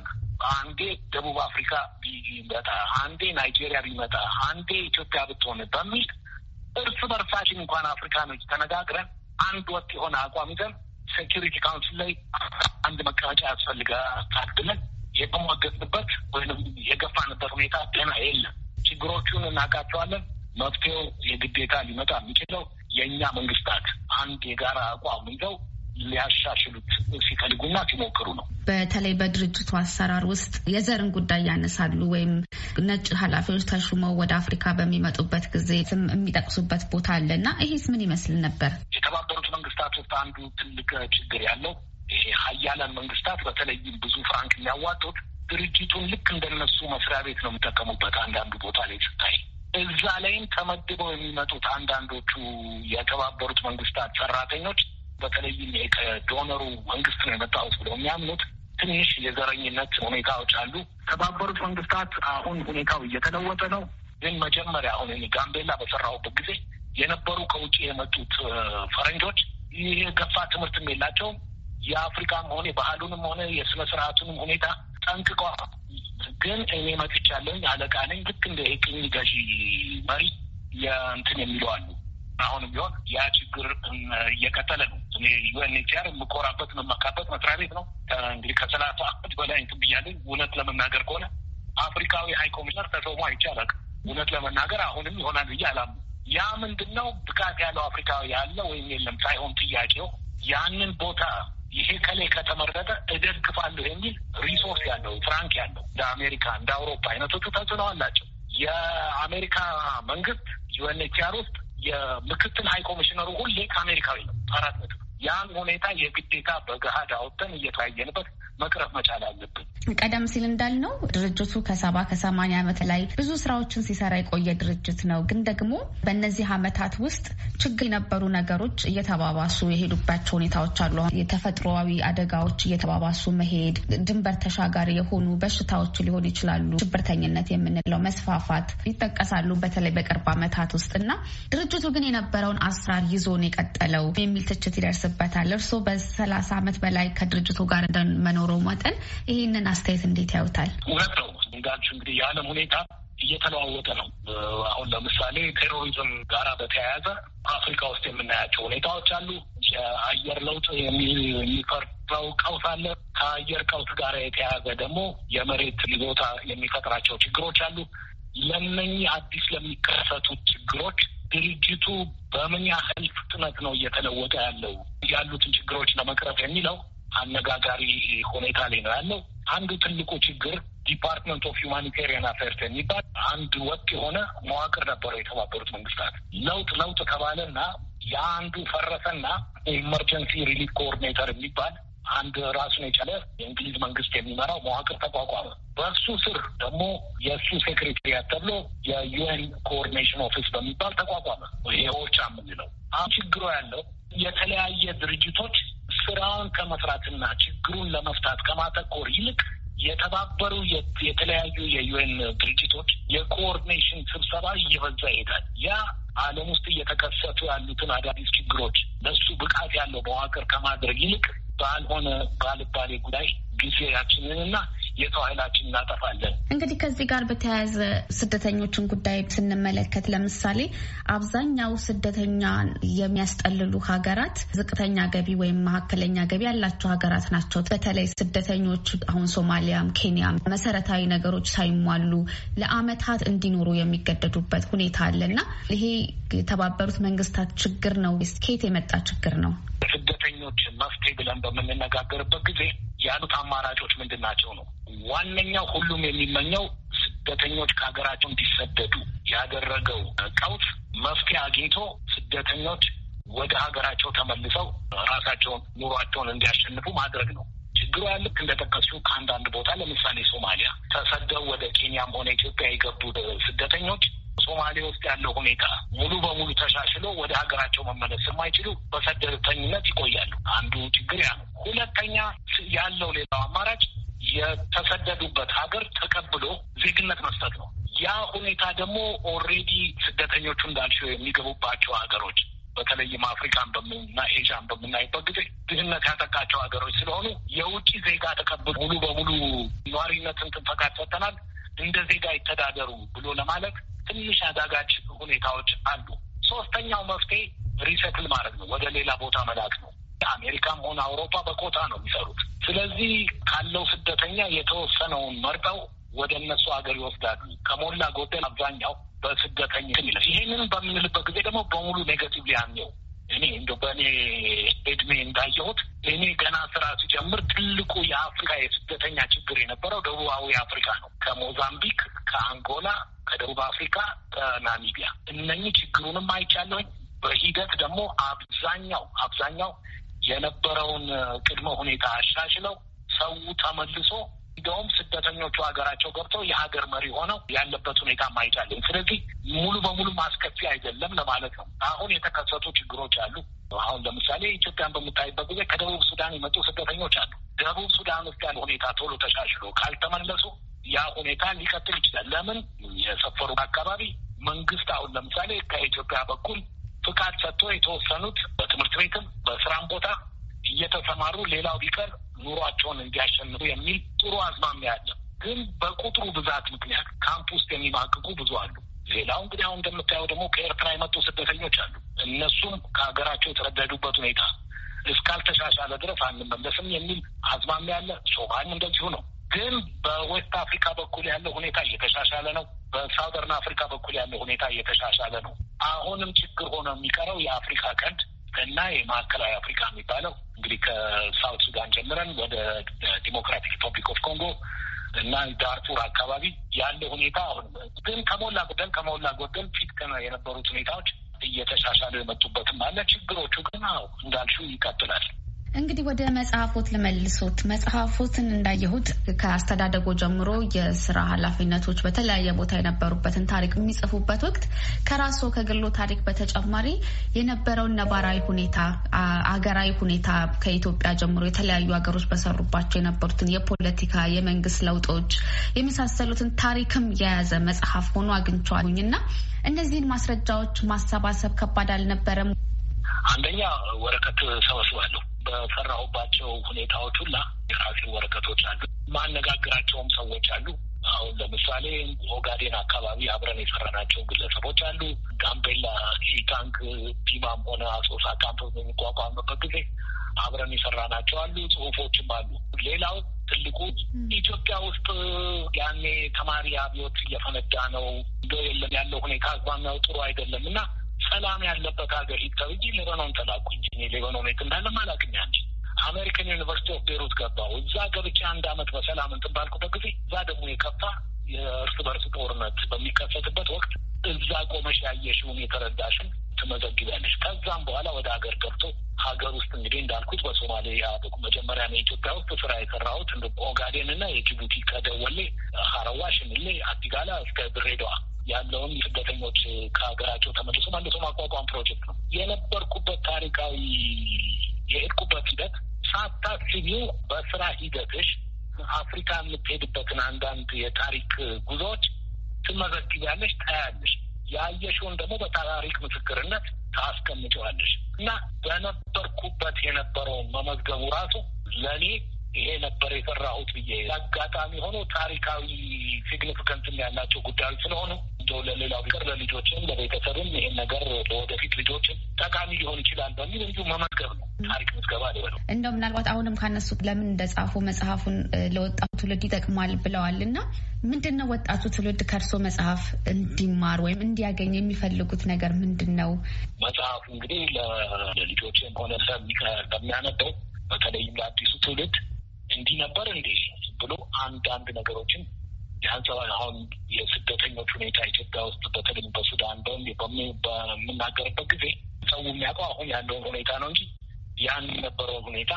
አንዴ ደቡብ አፍሪካ ቢመጣ፣ አንዴ ናይጄሪያ ቢመጣ፣ አንዴ ኢትዮጵያ ብትሆን በሚል እርስ በርሳችን እንኳን አፍሪካኖች ተነጋግረን አንድ ወጥ የሆነ አቋም ይዘን ሴኪሪቲ ካውንስል ላይ አንድ መቀመጫ ያስፈልጋታል ብለን የተሟገትንበት ወይም የገፋንበት ሁኔታ ገና የለም። ችግሮቹን እናውቃቸዋለን። መፍትሄው የግዴታ ሊመጣ የሚችለው የእኛ መንግስታት አንድ የጋራ አቋም ይዘው ሊያሻሽሉት ሲፈልጉና ሲሞክሩ ነው። በተለይ በድርጅቱ አሰራር ውስጥ የዘርን ጉዳይ ያነሳሉ ወይም ነጭ ኃላፊዎች ተሹመው ወደ አፍሪካ በሚመጡበት ጊዜ ስም የሚጠቅሱበት ቦታ አለ እና ይሄስ ምን ይመስል ነበር? የተባበሩት መንግስታት ውስጥ አንዱ ትልቅ ችግር ያለው ይሄ ሀያላን መንግስታት በተለይም ብዙ ፍራንክ የሚያዋጡት ድርጅቱን ልክ እንደነሱ መስሪያ ቤት ነው የሚጠቀሙበት። አንዳንዱ ቦታ ላይ ስታይ እዛ ላይም ተመድበው የሚመጡት አንዳንዶቹ የተባበሩት መንግስታት ሰራተኞች በተለይም ከዶነሩ መንግስት ነው የመጣሁት ብለው የሚያምኑት ትንሽ የዘረኝነት ሁኔታዎች አሉ። ተባበሩት መንግስታት አሁን ሁኔታው እየተለወጠ ነው። ግን መጀመሪያ አሁን ጋምቤላ በሰራሁበት ጊዜ የነበሩ ከውጭ የመጡት ፈረንጆች ይህ ገፋ ትምህርትም የላቸውም። የአፍሪካም ሆነ የባህሉንም ሆነ የስነ ስርዓቱንም ሁኔታ ጠንቅቀዋ። ግን እኔ መጥቻለኝ አለቃ ነኝ ልክ እንደ ቅኝ ገዢ መሪ የእንትን የሚለው አሉ አሁንም ቢሆን ያ ችግር እየቀጠለ ነው። እኔ ዩኤንኤችሲአር የምኮራበት መስሪያ ቤት ነው። እንግዲህ ከሰላሳ አመት በላይ እንትን ብያለኝ። እውነት ለመናገር ከሆነ አፍሪካዊ ሀይ ኮሚሽነር ተሾሞ አይቻላል። እውነት ለመናገር አሁንም ይሆናል ብዬ አላምንም። ያ ምንድን ነው ብቃት ያለው አፍሪካዊ ያለ ወይም የለም ሳይሆን ጥያቄው ያንን ቦታ ይሄ ከላይ ከተመረጠ እደግፋለሁ የሚል ሪሶርስ ያለው ፍራንክ ያለው እንደ አሜሪካ እንደ አውሮፓ አይነቶቹ ተጽዕኖ አላቸው። የአሜሪካ መንግስት ዩኤንኤችሲአር ውስጥ የምክትል ሀይ ኮሚሽነሩ ሁሌ ከአሜሪካዊ ነው አራት ነጥብ ያን ሁኔታ የግዴታ በገሃድ አውጥተን እየተያየንበት መቅረብ መቻል አለብን። ቀደም ሲል እንዳልነው ድርጅቱ ከሰባ ከሰማንያ ዓመት ላይ ብዙ ስራዎችን ሲሰራ የቆየ ድርጅት ነው። ግን ደግሞ በእነዚህ ዓመታት ውስጥ ችግር የነበሩ ነገሮች እየተባባሱ የሄዱባቸው ሁኔታዎች አሉ። የተፈጥሮዊ አደጋዎች እየተባባሱ መሄድ፣ ድንበር ተሻጋሪ የሆኑ በሽታዎች ሊሆን ይችላሉ። ሽብርተኝነት የምንለው መስፋፋት ይጠቀሳሉ፣ በተለይ በቅርብ ዓመታት ውስጥ እና ድርጅቱ ግን የነበረውን አስራር ይዞን የቀጠለው የሚል ትችት ይደርስ ይደርስበታል። እርስዎ በሰላሳ ዓመት በላይ ከድርጅቱ ጋር እንደመኖረው መጠን ይህንን አስተያየት እንዴት ያዩታል? እውነት ነው እንዳልሽው እንግዲህ የዓለም ሁኔታ እየተለዋወጠ ነው። አሁን ለምሳሌ ቴሮሪዝም ጋራ በተያያዘ አፍሪካ ውስጥ የምናያቸው ሁኔታዎች አሉ። የአየር ለውጥ የሚፈጥረው ቀውስ አለ። ከአየር ቀውስ ጋር የተያያዘ ደግሞ የመሬት ይዞታ የሚፈጥራቸው ችግሮች አሉ። ለነኚህ አዲስ ለሚከሰቱ ችግሮች ድርጅቱ በምን ያህል ፍጥነት ነው እየተለወጠ ያለው ያሉትን ችግሮች ለመቅረፍ የሚለው አነጋጋሪ ሁኔታ ላይ ነው ያለው። አንዱ ትልቁ ችግር ዲፓርትመንት ኦፍ ሁማኒቴሪያን አፌርስ የሚባል አንድ ወጥ የሆነ መዋቅር ነበረው የተባበሩት መንግስታት። ለውጥ ለውጥ ከባለና የአንዱ ፈረሰና የኢመርጀንሲ ሪሊፍ ኮኦርዲኔተር የሚባል አንድ ራሱን የቻለ የእንግሊዝ መንግስት የሚመራው መዋቅር ተቋቋመ። በእሱ ስር ደግሞ የእሱ ሴክሬታሪያት ተብሎ የዩኤን ኮኦርዲኔሽን ኦፊስ በሚባል ተቋቋመ። ይሄ የምንለው አሁን ችግሩ ያለው የተለያየ ድርጅቶች ስራውን ከመስራትና ችግሩን ለመፍታት ከማተኮር ይልቅ የተባበሩ የተለያዩ የዩኤን ድርጅቶች የኮኦርዲኔሽን ስብሰባ እየበዛ ይሄዳል። ያ ዓለም ውስጥ እየተከሰቱ ያሉትን አዳዲስ ችግሮች ለሱ ብቃት ያለው መዋቅር ከማድረግ ይልቅ ባልሆነ ባልባሌ ጉዳይ ጊዜያችንንና የሰው ኃይላችን እናጠፋለን። እንግዲህ ከዚህ ጋር በተያያዘ ስደተኞችን ጉዳይ ስንመለከት ለምሳሌ አብዛኛው ስደተኛ የሚያስጠልሉ ሀገራት ዝቅተኛ ገቢ ወይም መካከለኛ ገቢ ያላቸው ሀገራት ናቸው። በተለይ ስደተኞች አሁን ሶማሊያም፣ ኬንያም መሰረታዊ ነገሮች ሳይሟሉ ለአመታት እንዲኖሩ የሚገደዱበት ሁኔታ አለ እና ይሄ የተባበሩት መንግስታት ችግር ነው ወይስ ከየት የመጣ ችግር ነው? ለስደተኞችን መፍትሄ ብለን በምንነጋገርበት ጊዜ ያሉት አማራጮች ምንድን ናቸው ነው። ዋነኛው ሁሉም የሚመኘው ስደተኞች ከሀገራቸው እንዲሰደዱ ያደረገው ቀውስ መፍትሄ አግኝቶ ስደተኞች ወደ ሀገራቸው ተመልሰው ራሳቸውን ኑሯቸውን እንዲያሸንፉ ማድረግ ነው። ችግሩ ያለ ልክ እንደጠቀሱ ከአንዳንድ ቦታ ለምሳሌ ሶማሊያ ተሰደው ወደ ኬንያም ሆነ ኢትዮጵያ የገቡ ስደተኞች ሶማሌ ውስጥ ያለው ሁኔታ ሙሉ በሙሉ ተሻሽሎ ወደ ሀገራቸው መመለስ የማይችሉ በስደተኝነት ይቆያሉ። አንዱ ችግር ያ ነው። ሁለተኛ ያለው ሌላው አማራጭ የተሰደዱበት ሀገር ተቀብሎ ዜግነት መስጠት ነው። ያ ሁኔታ ደግሞ ኦልሬዲ ስደተኞቹ እንዳልሽው የሚገቡባቸው ሀገሮች በተለይም አፍሪካን በምንና ኤዥያን በምናይበት ጊዜ ድህነት ያጠቃቸው ሀገሮች ስለሆኑ የውጭ ዜጋ ተቀብሎ ሙሉ በሙሉ ኗሪነትን ፈቃድ ሰጥተናል፣ እንደ ዜጋ ይተዳደሩ ብሎ ለማለት ትንሽ አዳጋች ሁኔታዎች አሉ። ሶስተኛው መፍትሄ ሪሰክል ማድረግ ነው፣ ወደ ሌላ ቦታ መላክ ነው። አሜሪካም ሆነ አውሮፓ በኮታ ነው የሚሰሩት። ስለዚህ ካለው ስደተኛ የተወሰነውን መርጠው ወደ እነሱ ሀገር ይወስዳሉ። ከሞላ ጎደል አብዛኛው በስደተኝ ይላል። ይሄንን በምንልበት ጊዜ ደግሞ በሙሉ ኔጋቲቭ ሊያኘው እኔ እንደ በእኔ እድሜ እንዳየሁት እኔ ገና ስራ ሲጀምር ትልቁ የአፍሪካ የስደተኛ ችግር የነበረው ደቡባዊ አፍሪካ ነው። ከሞዛምቢክ፣ ከአንጎላ፣ ከደቡብ አፍሪካ፣ ከናሚቢያ እነኚህ ችግሩንም አይቻለሁኝ። በሂደት ደግሞ አብዛኛው አብዛኛው የነበረውን ቅድመ ሁኔታ አሻሽለው ሰው ተመልሶ እንዲያውም ስደተኞቹ ሀገራቸው ገብተው የሀገር መሪ ሆነው ያለበት ሁኔታ ማይቻለን። ስለዚህ ሙሉ በሙሉ ማስከፊ አይደለም ለማለት ነው። አሁን የተከሰቱ ችግሮች አሉ። አሁን ለምሳሌ ኢትዮጵያን በምታይበት ጊዜ ከደቡብ ሱዳን የመጡ ስደተኞች አሉ። ደቡብ ሱዳን ውስጥ ያለ ሁኔታ ቶሎ ተሻሽሎ ካልተመለሱ ያ ሁኔታ ሊቀጥል ይችላል። ለምን የሰፈሩ አካባቢ መንግስት አሁን ለምሳሌ ከኢትዮጵያ በኩል ፍቃድ ሰጥቶ የተወሰኑት በትምህርት ቤትም በስራም ቦታ እየተሰማሩ ሌላው ቢቀር ኑሯቸውን እንዲያሸንፉ የሚል ጥሩ አዝማሚያ አለ። ግን በቁጥሩ ብዛት ምክንያት ካምፕ ውስጥ የሚማቅቁ ብዙ አሉ። ሌላው እንግዲህ አሁን እንደምታየው ደግሞ ከኤርትራ የመጡ ስደተኞች አሉ። እነሱም ከሀገራቸው የተረደዱበት ሁኔታ እስካልተሻሻለ ድረስ አንመለስም የሚል አዝማሚያ ያለ። ሶማሊም እንደዚሁ ነው። ግን በዌስት አፍሪካ በኩል ያለው ሁኔታ እየተሻሻለ ነው። በሳውዘርን አፍሪካ በኩል ያለው ሁኔታ እየተሻሻለ ነው። አሁንም ችግር ሆኖ የሚቀረው የአፍሪካ ቀንድ እና የማዕከላዊ አፍሪካ የሚባለው እንግዲህ ከሳውት ሱዳን ጀምረን ወደ ዲሞክራቲክ ሪፐብሊክ ኦፍ ኮንጎ እና ዳርፉር አካባቢ ያለ ሁኔታ አሁን ግን ከሞላ ጎደል ከሞላ ጎደል ፊት የነበሩት እየተሻሻሉ የመጡበትም አለ። ችግሮቹ ግን አዎ እንዳልሽው ይቀጥላል። እንግዲህ ወደ መጽሐፎት ልመልሶት። መጽሐፎትን እንዳየሁት ከአስተዳደጎ ጀምሮ የስራ ኃላፊነቶች በተለያየ ቦታ የነበሩበትን ታሪክ የሚጽፉበት ወቅት ከራስዎ ከግሎ ታሪክ በተጨማሪ የነበረውን ነባራዊ ሁኔታ፣ አገራዊ ሁኔታ ከኢትዮጵያ ጀምሮ የተለያዩ ሀገሮች በሰሩባቸው የነበሩትን የፖለቲካ የመንግስት ለውጦች የመሳሰሉትን ታሪክም የያዘ መጽሐፍ ሆኖ አግኝቼዋለሁኝ እና እነዚህን ማስረጃዎች ማሰባሰብ ከባድ አልነበረም? አንደኛ ወረቀት ሰበስባለሁ። በሰራሁባቸው ሁኔታዎች ሁላ የራሴ ወረቀቶች አሉ። ማነጋግራቸውም ሰዎች አሉ። አሁን ለምሳሌ ኦጋዴን አካባቢ አብረን የሰራናቸው ግለሰቦች አሉ። ጋምቤላ ኢታንክ ዲማም ሆነ አሶሳ ካምፕ በሚቋቋምበት ጊዜ አብረን የሰራናቸው አሉ። ጽሁፎችም አሉ። ሌላው ትልቁ ኢትዮጵያ ውስጥ ያኔ ተማሪ አብዮት እየፈነዳ ነው፣ የለም ያለው ሁኔታ አግባሚያው ጥሩ አይደለም እና ሰላም ያለበት ሀገር ሂድ ተብዬ ሌባኖን ተላኩኝ። እኔ ሌባኖን የት እንዳለ አላውቅም። ያንቺ አሜሪካን ዩኒቨርሲቲ ኦፍ ቤሩት ገባሁ። እዛ ገብቼ አንድ አመት በሰላም እንትን ባልኩበት ጊዜ እዛ ደግሞ የከፋ የእርስ በርስ ጦርነት በሚከሰትበት ወቅት እዛ ቆመሽ ያየሽውን የተረዳሽን ትመዘግቢያለሽ። ከዛም በኋላ ወደ ሀገር ገብቶ ሀገር ውስጥ እንግዲህ እንዳልኩት በሶማሌ ያበቁ መጀመሪያ ነው ኢትዮጵያ ውስጥ ስራ የሰራሁት እንደ ኦጋዴን እና የጅቡቲ ከደወሌ ሀረዋ፣ ሽንሌ፣ አዲጋላ እስከ ድሬዳዋ ያለውን ስደተኞች ከሀገራቸው ተመልሶ መልሶ ማቋቋም ፕሮጀክት ነው። የነበርኩበት ታሪካዊ የሄድኩበት ሂደት ሳታስቢው በስራ ሂደትሽ አፍሪካ የምትሄድበትን አንዳንድ የታሪክ ጉዞዎች ትመዘግቢያለሽ፣ ታያለሽ። ያየሽውን ደግሞ በታሪክ ምስክርነት ታስቀምጨዋለሽ እና በነበርኩበት የነበረውን መመዝገቡ ራሱ ለእኔ ይሄ ነበር የሰራሁት ብዬ አጋጣሚ ሆኖ ታሪካዊ ሲግኒፊካንት ያላቸው ጉዳዮች ስለሆኑ እንደው ለሌላው ቢቀር ለልጆችም ለቤተሰብም ይህን ነገር ለወደፊት ልጆችም ጠቃሚ ሊሆን ይችላል በሚል እንዲሁ መመገብ ነው። ታሪክ ምዝገባ ሊበለ እንደው ምናልባት አሁንም ካነሱት ለምን እንደጻፉ መጽሐፉን ለወጣቱ ትውልድ ይጠቅማል ብለዋል እና ምንድን ነው ወጣቱ ትውልድ ከእርሶ መጽሐፍ እንዲማር ወይም እንዲያገኝ የሚፈልጉት ነገር ምንድን ነው? መጽሐፉ እንግዲህ ለልጆችም ሆነ ለሚያነበው በተለይም ለአዲሱ ትውልድ እንዲህ ነበር እንዴ ብሎ አንዳንድ ነገሮችን የአንጸባሪ አሁን የስደተኞች ሁኔታ ኢትዮጵያ ውስጥ በተለይ በሱዳን በምናገርበት ጊዜ ሰው የሚያውቀው አሁን ያለውን ሁኔታ ነው እንጂ ያን የነበረውን ሁኔታ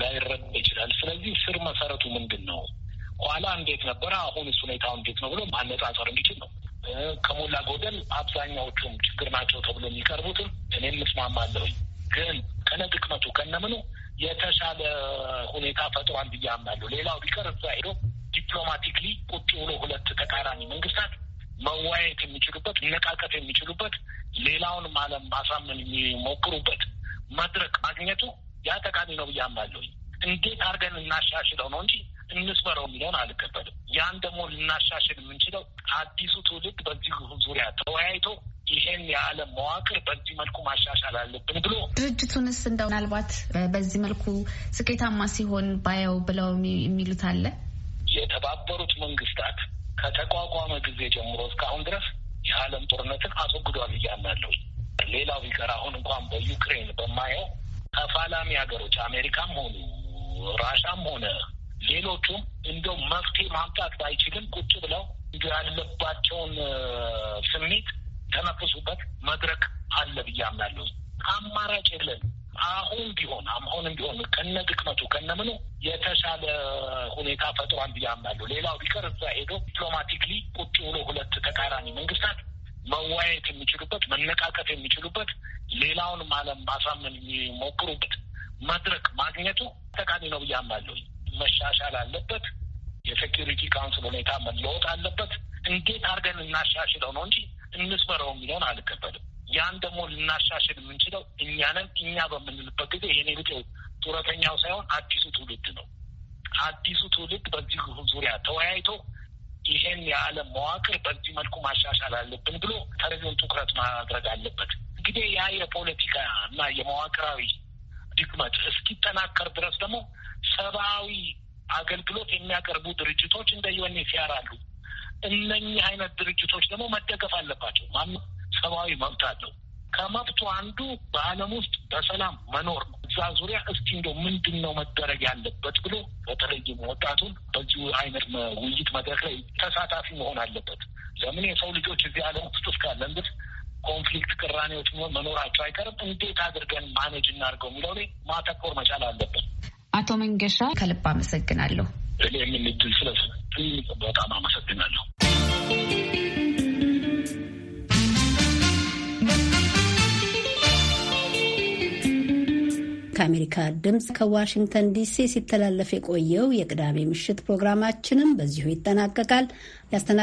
ላይረዳ ይችላል። ስለዚህ ስር መሰረቱ ምንድን ነው፣ ኋላ እንዴት ነበረ፣ አሁን እሱ ሁኔታው እንዴት ነው ብሎ ማነጻጸር እንዲችል ነው። ከሞላ ጎደል አብዛኛዎቹም ችግር ናቸው ተብሎ የሚቀርቡትም እኔም እስማማለሁኝ። ግን ከነ ድክመቱ ከነምኑ የተሻለ ሁኔታ ፈጥሯል ብዬ አምናለሁ። ሌላው ቢቀር እዛ ሄዶ ዲፕሎማቲክሊ ቁጭ ብሎ ሁለት ተቃራኒ መንግስታት መወያየት የሚችሉበት መነቃቀፍ የሚችሉበት ሌላውንም ዓለም ማሳመን የሚሞክሩበት መድረክ ማግኘቱ ያ ጠቃሚ ነው ብዬ አምናለሁ። እንዴት አድርገን እናሻሽለው ነው እንጂ እንስበረው የሚለውን አልቀበልም። ያን ደግሞ ልናሻሽል የምንችለው አዲሱ ትውልድ በዚሁ ዙሪያ ተወያይቶ ይሄን የዓለም መዋቅር በዚህ መልኩ ማሻሻል አለብን ብሎ ድርጅቱንስ እንደው ምናልባት በዚህ መልኩ ስኬታማ ሲሆን ባየው ብለው የሚሉት አለ። የተባበሩት መንግስታት ከተቋቋመ ጊዜ ጀምሮ እስካሁን ድረስ የዓለም ጦርነትን አስወግዷል እያምናለሁ። ሌላው ይቀር አሁን እንኳን በዩክሬን በማየው ተፋላሚ ሀገሮች አሜሪካም ሆኑ ራሻም ሆነ ሌሎቹም እንደው መፍትሄ ማምጣት ባይችልም ቁጭ ብለው እንዲ ያለባቸውን ስሜት ተነፍሱበት መድረክ አለ ብዬ አምናለሁ። አማራጭ የለን። አሁን ቢሆን አሁንም ቢሆን ከነ ድክመቱ ከነ ምኑ የተሻለ ሁኔታ ፈጥሯን ብዬ አምናለሁ። ሌላው ቢቀር እዛ ሄዶ ዲፕሎማቲክሊ ቁጭ ብሎ ሁለት ተቃራኒ መንግስታት መወያየት የሚችሉበት መነቃቀፍ የሚችሉበት ሌላውንም ዓለም ማሳመን የሚሞክሩበት መድረክ ማግኘቱ ጠቃሚ ነው ብዬ አምናለሁ። መሻሻል አለበት። የሴኪሪቲ ካውንስል ሁኔታ መለወጥ አለበት። እንዴት አድርገን እናሻሽለው ነው እንጂ እንስበረው የሚለውን አልቀበልም። ያን ደግሞ ልናሻሽል የምንችለው እኛንም እኛ በምንልበት ጊዜ የኔ ብጤው ጡረተኛው ሳይሆን አዲሱ ትውልድ ነው። አዲሱ ትውልድ በዚህ ዙሪያ ተወያይቶ ይሄን የዓለም መዋቅር በዚህ መልኩ ማሻሻል አለብን ብሎ ተረጂውን ትኩረት ማድረግ አለበት። እንግዲህ ያ የፖለቲካ እና የመዋቅራዊ ድክመት እስኪጠናከር ድረስ ደግሞ ሰብአዊ አገልግሎት የሚያቀርቡ ድርጅቶች እንደ ዩኤንኤችሲአር አሉ። እነኚህ አይነት ድርጅቶች ደግሞ መደገፍ አለባቸው። ማን ሰብአዊ መብት አለው። ከመብቱ አንዱ በዓለም ውስጥ በሰላም መኖር ነው። እዛ ዙሪያ እስቲ እንደው ምንድን ነው መደረግ ያለበት ብሎ በተለይም ወጣቱን በዚሁ አይነት ውይይት መድረክ ላይ ተሳታፊ መሆን አለበት። ለምን የሰው ልጆች እዚህ ዓለም ውስጥ እስካለ ድረስ ኮንፍሊክት፣ ቅራኔዎች መኖራቸው አይቀርም። እንዴት አድርገን ማኔጅ እናድርገው የሚለው ላይ ማተኮር መቻል አለበት። አቶ መንገሻ ከልብ አመሰግናለሁ። እኔ የምንድል ስለስ በጣም አመሰግናለሁ። ከአሜሪካ ድምፅ ከዋሽንግተን ዲሲ ሲተላለፍ የቆየው የቅዳሜ ምሽት ፕሮግራማችንም በዚሁ ይጠናቀቃል።